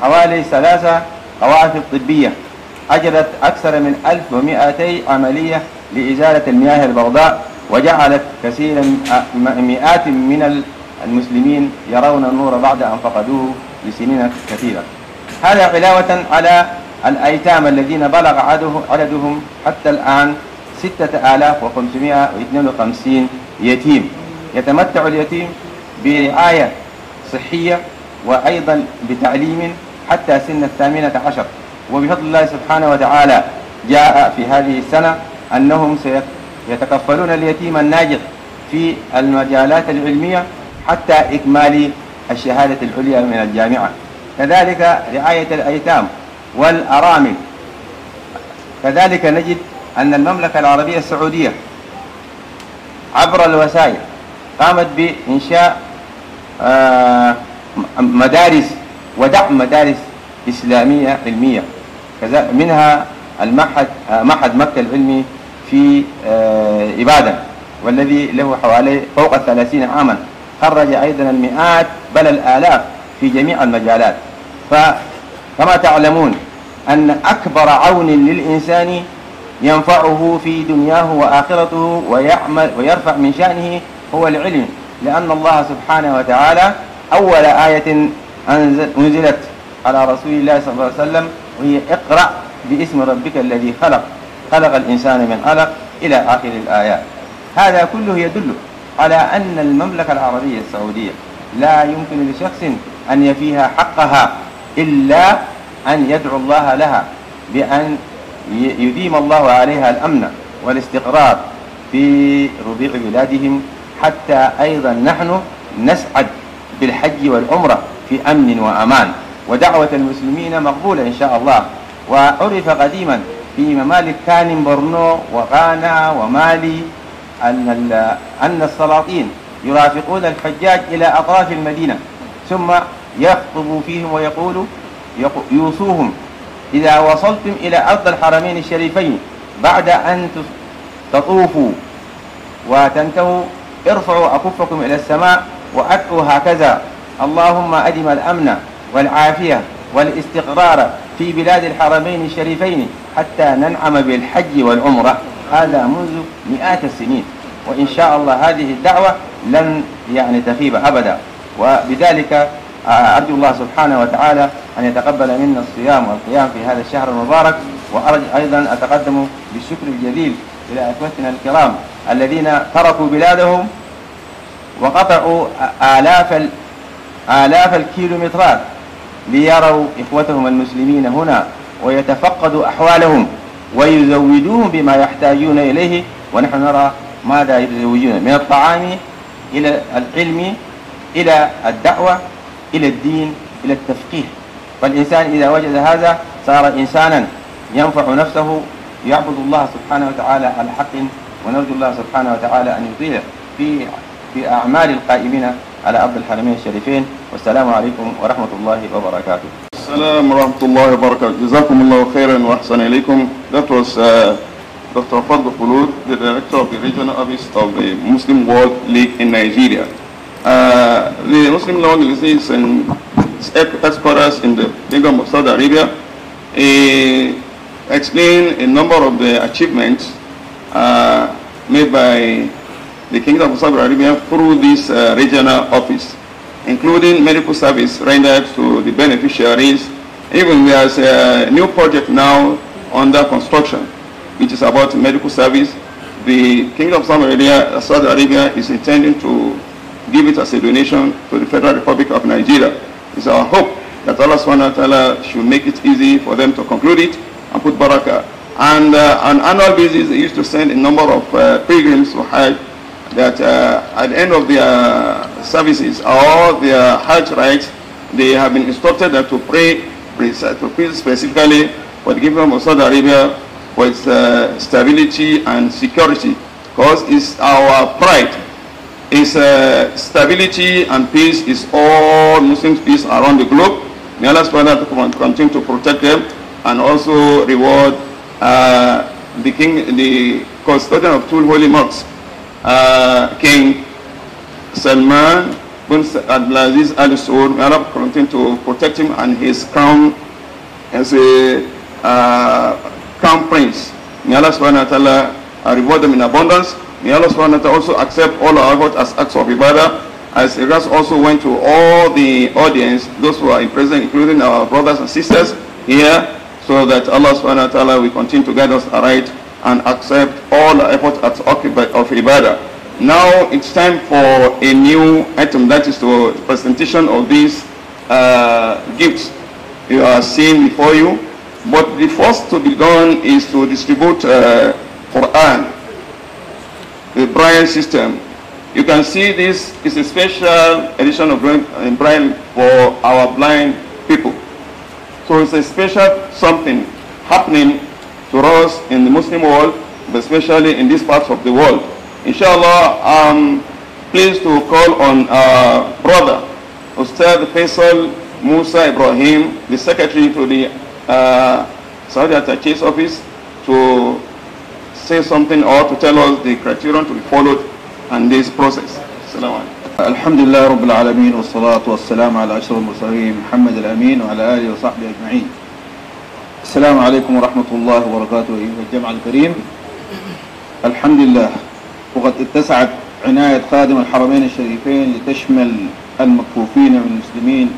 [SPEAKER 7] حوالي ثلاثة قواعد طبية أجرت أكثر من 1200 عملية لإزالة المياه البغضاء وجعلت كثيرا مئات من المسلمين يرون النور بعد أن فقدوه لسنين كثيرة هذا علاوة على الأيتام الذين بلغ عددهم حتى الآن 6552 يتيم يتمتع اليتيم برعاية صحية وأيضا بتعليم حتى سن الثامنة عشر وبفضل الله سبحانه وتعالى جاء في هذه السنة أنهم سيكون يتكفلون اليتيم الناجح في المجالات العلمية حتى إكمال الشهادة العليا من الجامعة كذلك رعاية الأيتام والأرامل كذلك نجد أن المملكة العربية السعودية عبر الوسائل قامت بإنشاء آه، مدارس ودعم مدارس إسلامية علمية منها المعهد آه، معهد مكة العلمي في آه، إبادة والذي له حوالي فوق الثلاثين عاما خرج أيضا المئات بل الآلاف في جميع المجالات فكما تعلمون أن أكبر عون للإنسان ينفعه في دنياه وآخرته ويعمل ويرفع من شأنه هو العلم لأن الله سبحانه وتعالى أول آية أنزلت على رسول الله صلى الله عليه وسلم وهي اقرأ باسم ربك الذي خلق خلق الإنسان من علق إلى آخر الآيات هذا كله يدل على أن المملكة العربية السعودية لا يمكن لشخص أن يفيها حقها إلا أن يدعو الله لها بأن يديم الله عليها الأمن والاستقرار في ربيع بلادهم حتى أيضا نحن نسعد بالحج والعمرة في أمن وأمان ودعوة المسلمين مقبولة إن شاء الله وعرف قديما في ممالك كان برنو وغانا ومالي أن, أن السلاطين يرافقون الحجاج إلى أطراف المدينة ثم يخطب فيهم ويقول يوصوهم إذا وصلتم إلى أرض الحرمين الشريفين بعد أن تطوفوا وتنتهوا ارفعوا أكفكم إلى السماء وأدعوا هكذا اللهم أدم الأمن والعافية والاستقرار في بلاد الحرمين الشريفين حتى ننعم بالحج والعمرة هذا منذ مئات السنين وإن شاء الله هذه الدعوة لن يعني تخيب أبدا وبذلك آه، أرجو الله سبحانه وتعالى أن يتقبل منا الصيام والقيام في هذا الشهر المبارك وأرجو أيضا أتقدم بالشكر الجليل إلى أخوتنا الكرام الذين تركوا بلادهم وقطعوا آلاف آلاف الكيلومترات ليروا إخوتهم المسلمين هنا ويتفقدوا أحوالهم ويزودوهم بما يحتاجون إليه ونحن نرى ماذا يزوجون من الطعام إلى العلم إلى الدعوة إلى الدين إلى التفقيه فالإنسان إذا وجد هذا صار إنسانا ينفع نفسه يعبد الله سبحانه وتعالى على حق ونرجو الله سبحانه وتعالى أن يطيع في في أعمال القائمين على عبد الحرمين الشريفين والسلام عليكم ورحمة الله وبركاته
[SPEAKER 3] السلام ورحمة الله وبركاته جزاكم الله خيرا وأحسن إليكم That was uh, Dr. Fadl Khulud, the director of the regional office of the Muslim World League in Nigeria. Uh, the Muslim Law is in as in the Kingdom of Saudi Arabia. It explained a number of the achievements uh, made by the kingdom of Saudi Arabia through this uh, regional office, including medical service rendered to the beneficiaries. Even there's uh, a new project now under construction, which is about medical service. The kingdom of Saudi Arabia, uh, Saudi Arabia is intending to give it as a donation to the Federal Republic of Nigeria. It's our hope that Allah subhanahu wa ta'ala should make it easy for them to conclude it and put barakah. And uh, on annual basis, they used to send a number of uh, pilgrims to Hajj that uh, at the end of their services or their Hajj rites, they have been instructed that to pray, to pray specifically for the kingdom of Saudi Arabia for its uh, stability and security. Because it's our pride, it's uh, stability and peace is all Muslims' peace around the globe. May Allah subhanahu wa continue to protect them and also reward uh, the king, the custodian of two holy mosques uh, King Salman bin Abdulaziz Al Saud, Arab continue to protect him and his crown as a uh, crown prince. May Allah subhanahu wa ta'ala uh, reward them in abundance. May Allah subhanahu wa ta'ala also accept all our efforts as acts of ibadah. As regards also went to all the audience, those who are present, including our brothers and sisters here, so that Allah subhanahu wa ta'ala will continue to guide us aright and accept all the efforts of Ibadah. Now it's time for a new item that is the presentation of these uh, gifts you are seeing before you. But the first to be done is to distribute uh, Quran, the Braille system. You can see this is a special edition of Braille uh, for our blind people. So it's a special something happening to us in the Muslim world, but especially in these parts of the world. Inshallah, I'm pleased to call on our brother, Ustad Faisal Musa Ibrahim, the secretary to the uh, Saudi Attaché's office, to say something or to tell us the criterion to be followed in this process. Assalamu
[SPEAKER 8] الحمد لله رب العالمين والصلاة والسلام على أشرف المرسلين محمد الأمين وعلى آله وصحبه أجمعين السلام عليكم ورحمة الله وبركاته أيها الجمع الكريم الحمد لله وقد اتسعت عناية خادم الحرمين الشريفين لتشمل المكفوفين من المسلمين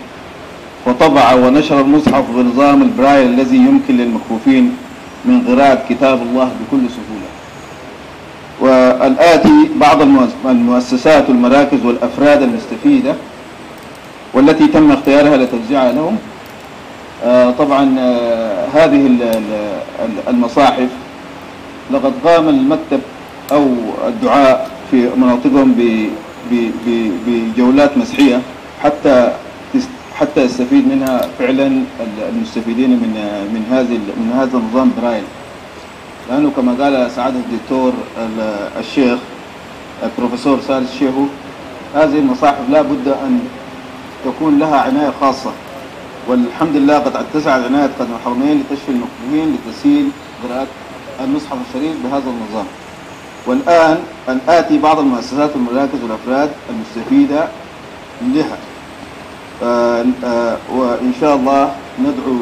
[SPEAKER 8] وطبع ونشر المصحف بنظام البرايل الذي يمكن للمكفوفين من قراءة كتاب الله بكل سهولة والآتي بعض المؤسسات والمراكز والأفراد المستفيدة والتي تم اختيارها لتوزيعها لهم آه، طبعا آه، هذه المصاحف لقد قام المكتب أو الدعاء في مناطقهم بجولات مسحية حتى حتى يستفيد منها فعلا المستفيدين من آه، من هذه من هذا النظام برايل لانه كما قال سعاده الدكتور الشيخ البروفيسور سالم الشيخو هذه المصاحف لا بد ان تكون لها عنايه خاصه والحمد لله قد اتسعت عناية قدم الحرمين لتشفي المكتومين لتسهيل قراءة المصحف الشريف بهذا النظام. والآن أن آتي بعض المؤسسات والمراكز والأفراد المستفيدة لها آه، آه، وإن شاء الله ندعو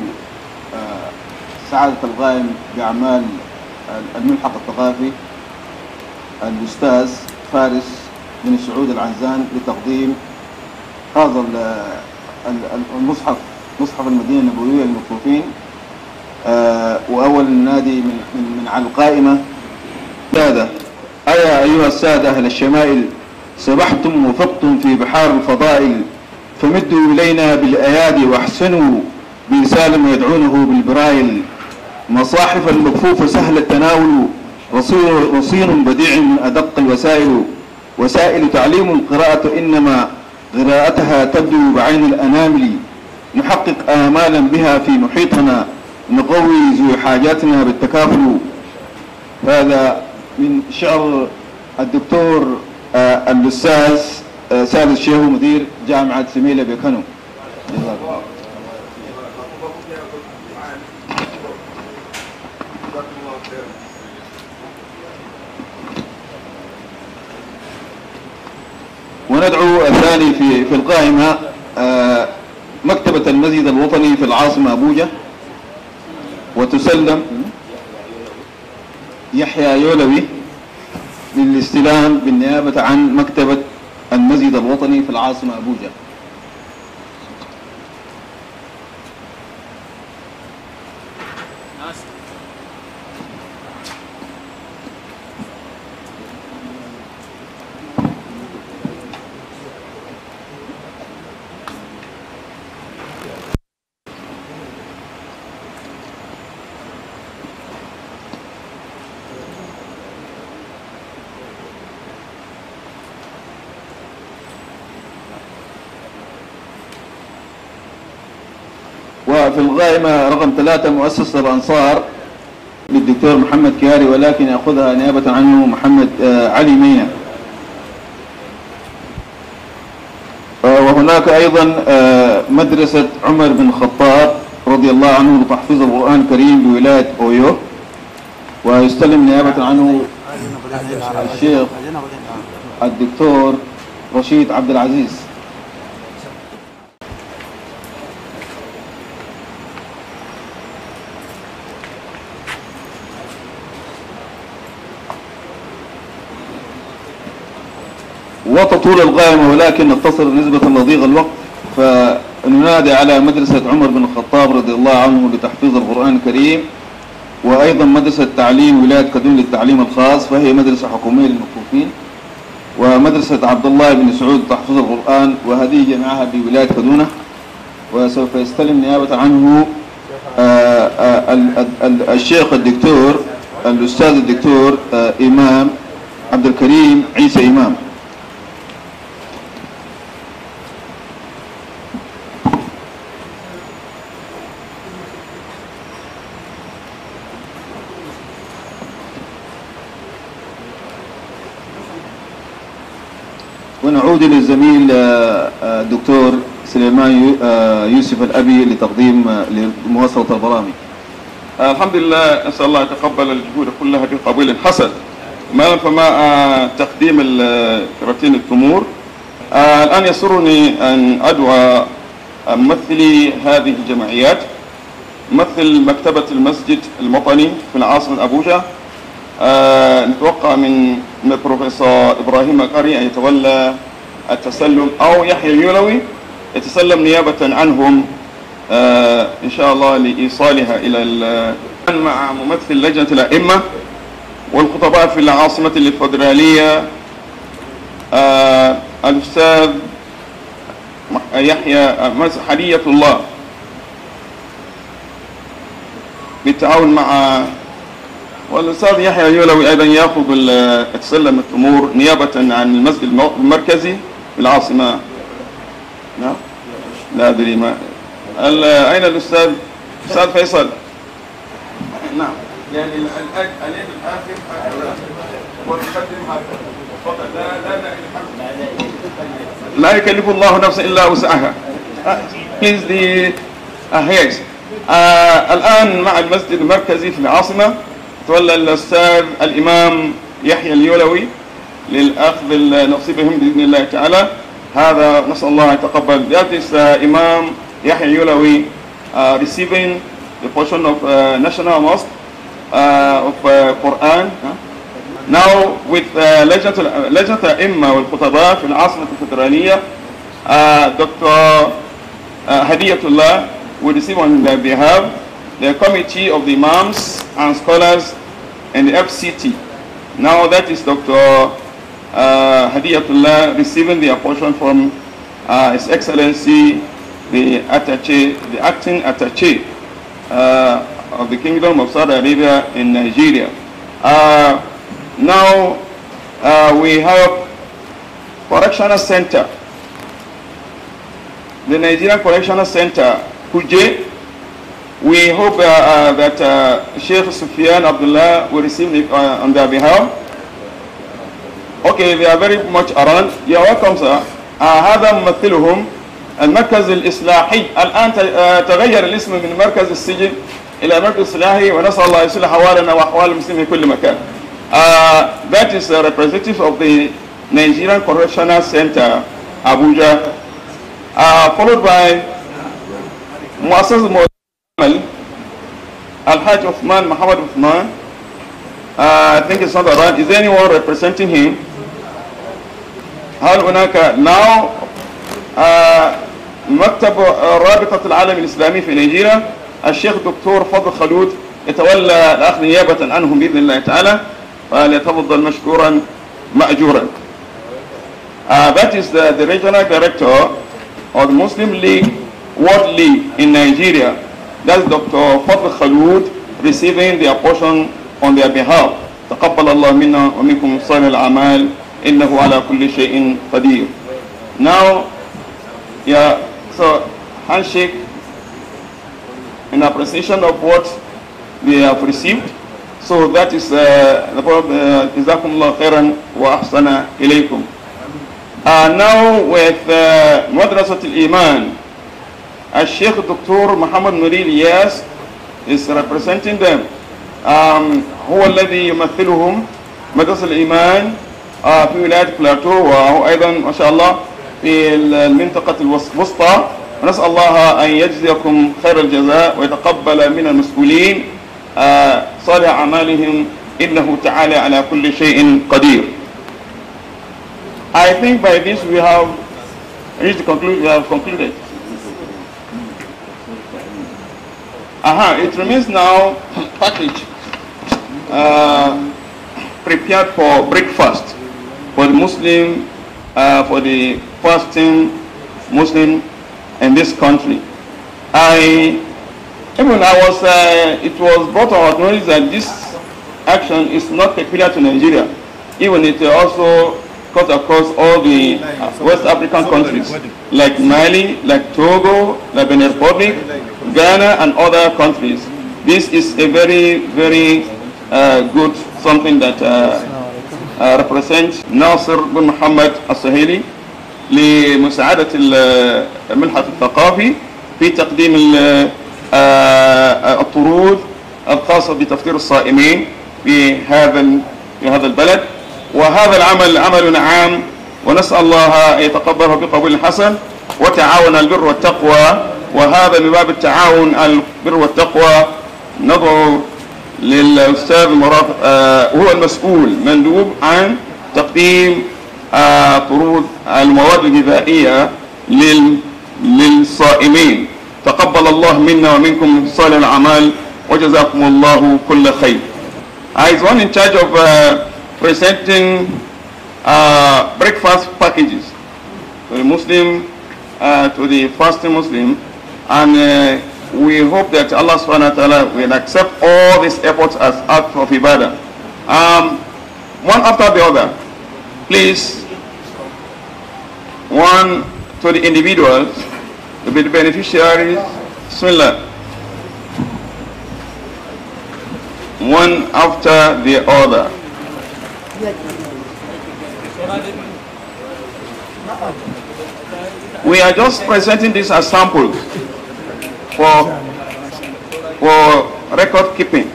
[SPEAKER 8] آه، سعادة القائم بأعمال الملحق الثقافي الأستاذ فارس بن سعود العنزان لتقديم هذا المصحف مصحف المدينة النبوية للمكفوفين آه، وأول نادي من, من, من على القائمة سادة أيا أيها السادة أهل الشمائل سبحتم وفقتم في بحار الفضائل فمدوا إلينا بالأيادي واحسنوا بسالم يدعونه بالبرايل مصاحف المكفوف سهل التناول رصين بديع من أدق الوسائل وسائل تعليم القراءة إنما قراءتها تبدو بعين الأنامل نحقق آمالا بها في محيطنا نقوي ذو حاجاتنا بالتكافل هذا من شعر الدكتور آه، الأستاذ آه، سالم الشيخ مدير جامعة سميلة بكنو الله وندعو الثاني في في القائمة آه، مكتبة المسجد الوطني في العاصمة أبوجة وتسلم يحيى يولوي للاستلام بالنيابة عن مكتبة المسجد الوطني في العاصمة أبوجة في القائمة رقم ثلاثة مؤسسة الأنصار للدكتور محمد كياري ولكن يأخذها نيابة عنه محمد آه، علي مينا آه، وهناك أيضا آه، مدرسة عمر بن الخطاب رضي الله عنه لتحفيظ القرآن الكريم بولاية أويو ويستلم نيابة عنه الشيخ الدكتور رشيد عبد العزيز طول القائمة ولكن نقتصر نسبة لضيق الوقت فننادي على مدرسة عمر بن الخطاب رضي الله عنه لتحفيظ القرآن الكريم وأيضا مدرسة تعليم ولاية كدون للتعليم الخاص فهي مدرسة حكومية للمكفوفين ومدرسة عبد الله بن سعود تحفظ القرآن وهذه جمعها بولاية كدونة وسوف يستلم نيابة عنه آه، الشيخ الدكتور الأستاذ الدكتور آه، إمام عبد الكريم عيسى إمام ونعود للزميل الدكتور آه، آه، سليمان آه، يوسف الأبي لتقديم لمواصلة
[SPEAKER 3] البرامج الحمد لله نسأل الله يتقبل الجهود كلها بقبول حسن ما فما تقديم كراتين التمور الآن يسرني أن أدعو ممثلي هذه الجمعيات ممثل مكتبة المسجد الوطني في العاصمة أبوجا آه، نتوقع من البروفيسور إبراهيم قري أن يتولى التسلم أو يحيى اليولوي يتسلم نيابة عنهم آه، إن شاء الله لإيصالها إلى آه، مع ممثل لجنة الأئمة والخطباء في العاصمة الفدرالية الأستاذ يحيى حلية الله بالتعاون مع والأستاذ يحيى اليولوي أيضا يأخذ تسلم الأمور نيابة عن المسجد المركزي في نعم لا أدري ما أين الأستاذ أستاذ فيصل نعم يعني الأليم الآخر والمقدم هكذا فقط لا لا لا يكلف الله نفسا إلا وسعها آه، آه، آه، الآن مع المسجد المركزي في العاصمة تولى الأستاذ الإمام يحيى اليولوي للأخذ نصيبهم بإذن الله تعالى هذا نسأل الله يتقبل That is uh, Imam Yahya Yulawi uh, receiving the portion of uh, National Mosque uh, of uh, Quran huh? Now with لجنة uh, الأئمة والخطباء في العاصمة الفدرالية دكتور هدية الله will receive on their the Committee of the Imams and Scholars and the FCT. Now that is Dr. Uh, Hadi Abdullah receiving the apportion from uh, His Excellency the attache, the acting attache uh, of the Kingdom of Saudi Arabia in Nigeria. Uh, now uh, we have Correctional Center, the Nigerian Correctional Center, Kujay, We hope uh, uh, that uh, Sheikh Sufyan Abdullah will receive it uh, on their behalf. Okay, they are very much around. You're welcome, sir. هذا ممثلهم المركز الإصلاحي الآن تغير الاسم من مركز السجن إلى مركز إصلاحي ونسأل الله يصلح أحوالنا وأحوال المسلمين في كل مكان. Uh, that is a representative of the Nigerian Correctional Center, Abuja, uh, followed by Muassas عمل Al-Hajj Uthman Muhammad Uthman uh, I think it's not around is there anyone representing him Hal Unaka. now Maktab uh, مكتب رابطة العالم الإسلامي في نيجيريا الشيخ دكتور فضل خلود يتولى الأخذ نيابة عنهم بإذن الله تعالى فليتفضل مشكورا مأجورا Uh, that is the, the regional director of the Muslim League, World League in Nigeria. That's Dr. Fatr Khaloud receiving the apportion on their behalf. تقبل الله منا ومنكم صالح الأعمال إنه على كل شيء قدير. Now, yeah, so handshake in appreciation of what they have received. So that is uh, the Prophet, uh, Jazakumullah khairan wa ahsana ilaykum. Uh, now with uh, Madrasatul Iman, الشيخ الدكتور محمد مريل ياس is representing them um, هو الذي يمثلهم مدرسة الإيمان uh, في ولاية بلاتو وهو أيضا ما شاء الله في المنطقة الوسطى ونسأل الله أن يجزيكم خير الجزاء ويتقبل من المسؤولين uh, صالح أعمالهم إنه تعالى على كل شيء قدير I think by this we have reached the conclusion, we have concluded. Aha, it remains now package uh, prepared for breakfast for the Muslim, uh, for the fasting Muslim in this country. I even I was, uh, it was brought to our knowledge that this action is not peculiar to Nigeria, even it also cut across all the uh, West African countries, like Mali, like Togo, like Benin Republic, Ghana and other countries, this is a very, very uh, good something that uh, uh, represents ناصر بن محمد sahili لمساعدة الملحق الثقافي في تقديم الطرود الخاصة بتفطير الصائمين في هذا في هذا البلد وهذا العمل عمل عام ونسأل الله أن يتقبله بقبول حسن وتعاون البر والتقوى وهذا من باب التعاون البر والتقوى ندعو للأستاذ المرافق آه هو المسؤول مندوب عن تقديم آه طرود المواد الغذائية للصائمين تقبل الله منا ومنكم صالح الأعمال وجزاكم الله كل خير I is one in charge of uh, presenting uh, breakfast packages to the Muslim, uh, to the fasting Muslim And uh, we hope that Allah subhanahu wa ta'ala will accept all these efforts as acts of ibadah. Um, one after the other. Please, one to the individuals, to the beneficiaries. similar. One after the other. We are just presenting this as samples for, for record keeping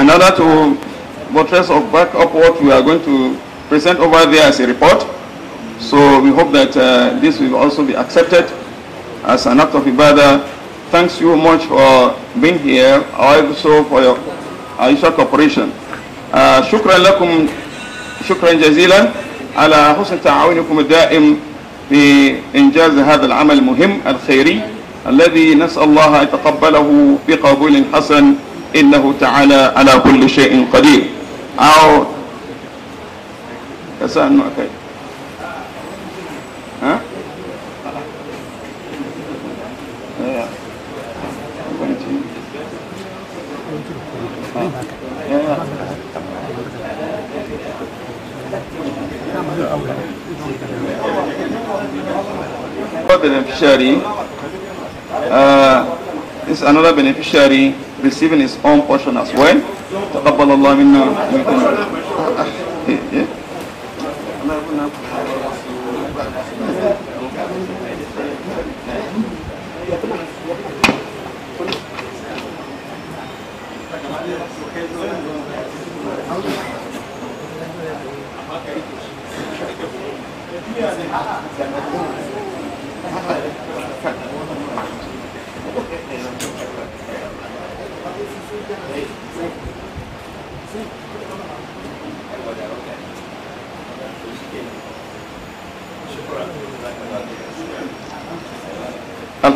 [SPEAKER 3] in order to buttress or back up what we are going to present over there as a report. So we hope that uh, this will also be accepted as an act of ibadah. Thanks you much for being here, also for your Aisha cooperation. Uh, shukran شكرا لكم شكرا جزيلا على حسن تعاونكم الدائم في إنجاز هذا العمل المهم الخيري الذي نسأل الله أن يتقبله بقبول حسن إنه تعالى على كل شيء قدير أو تسأل أكيد ها؟ قبل انفشاري uh, is another beneficiary receiving his own portion as well. تقبل الله منا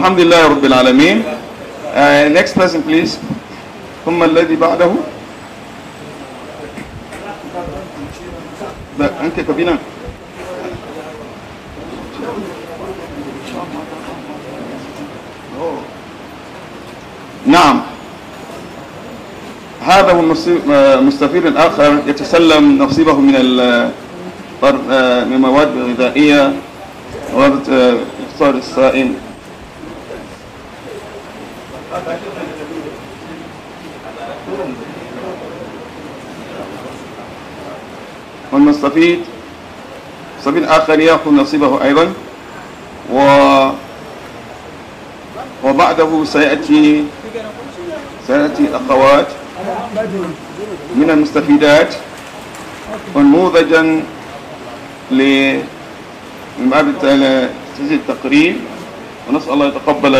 [SPEAKER 3] لله رب العالمين Uh, next person please. ثم الذي بعده أنت كبيرة نعم هذا هو المستفيد آه، الآخر يتسلم نصيبه من آه، من المواد الغذائية وقت إفطار آه، الصائم الصفيد الصفيد آخر يأخذ نصيبه أيضا و وبعده سيأتي سيأتي أخوات من المستفيدات ونموذجا للمعرض تسجيل التقرير ونسأل الله يتقبل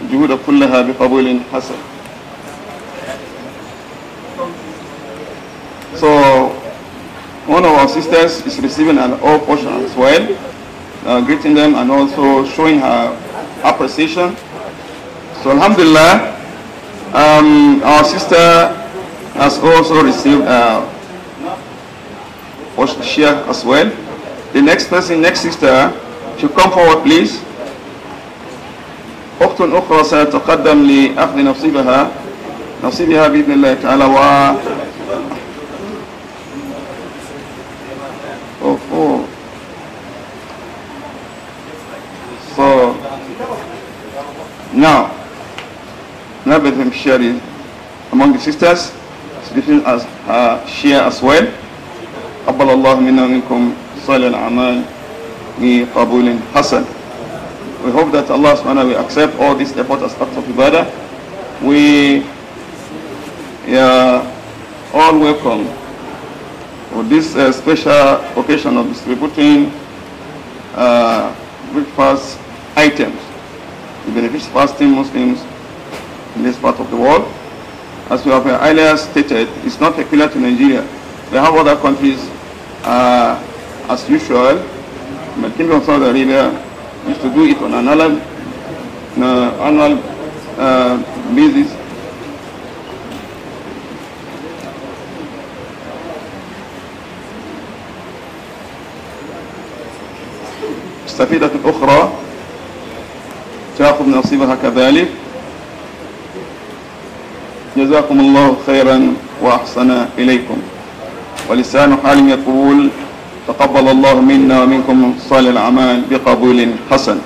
[SPEAKER 3] الجهود كلها بقبول حسن. So One of our sisters is receiving an all portion as well, uh, greeting them and also showing her appreciation. So Alhamdulillah, um, our sister has also received uh, share as well. The next person, next sister, should come forward please. أخت أخرى ستقدم لأخذ نصيبها نصيبها بإذن الله تعالى So, so now, now now share it among the sisters speaking as her uh, share as well قبل الله منا منكم صالح الأعمال بقبول حسن We hope that Allah subhanahu will accept all these efforts as acts of ibadah. We are all welcome for this uh, special occasion of distributing uh, breakfast items to benefit fasting Muslims in this part of the world. As we have uh, earlier stated, it's not peculiar to Nigeria. We have other countries, uh, as usual, the Kingdom of Saudi Arabia used to do it on an annual, uh, annual uh, basis. السفيدة الأخرى تأخذ نصيبها كذلك جزاكم الله خيرا وأحسن إليكم ولسان حال يقول تقبل الله منا ومنكم صالح الأعمال بقبول حسن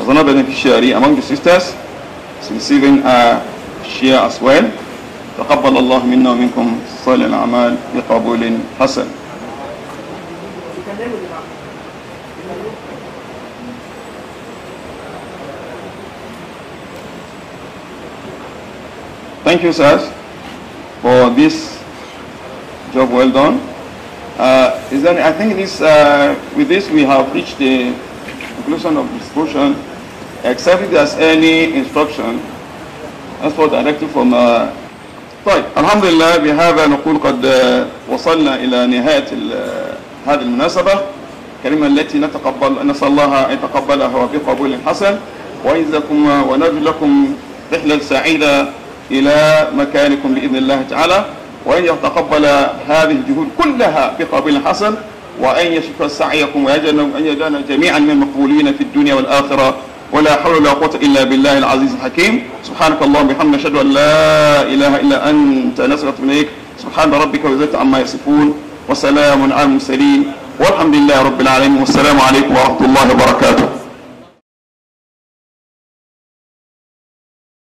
[SPEAKER 3] As another beneficiary among the sisters is receiving a share as well. تقبل الله منا ومنكم صالح الأعمال بقبول حسن Thank you, sirs, for this job well done. Uh, is there, I think this, uh, with this we have reached the conclusion of this portion, except if there's any instruction as for directive from uh, طيب الحمد لله بهذا نقول قد وصلنا إلى نهاية هذه المناسبة كلمة التي نتقبل نسأل الله أن يتقبلها بقبول حسن وإذ لكم ونرجو لكم رحلة سعيدة إلى مكانكم بإذن الله تعالى وأن يتقبل هذه الجهود كلها بقابل حسن وأن يشفى سعيكم وأن يجعلنا جميعا من المقبولين في الدنيا والآخرة ولا حول ولا قوة إلا بالله العزيز الحكيم سبحانك اللهم وبحمدك أشهد أن لا إله إلا أنت نسألك إليك سبحان ربك وزدت عما يصفون
[SPEAKER 4] وسلام على المرسلين والحمد لله رب العالمين والسلام عليكم ورحمة الله وبركاته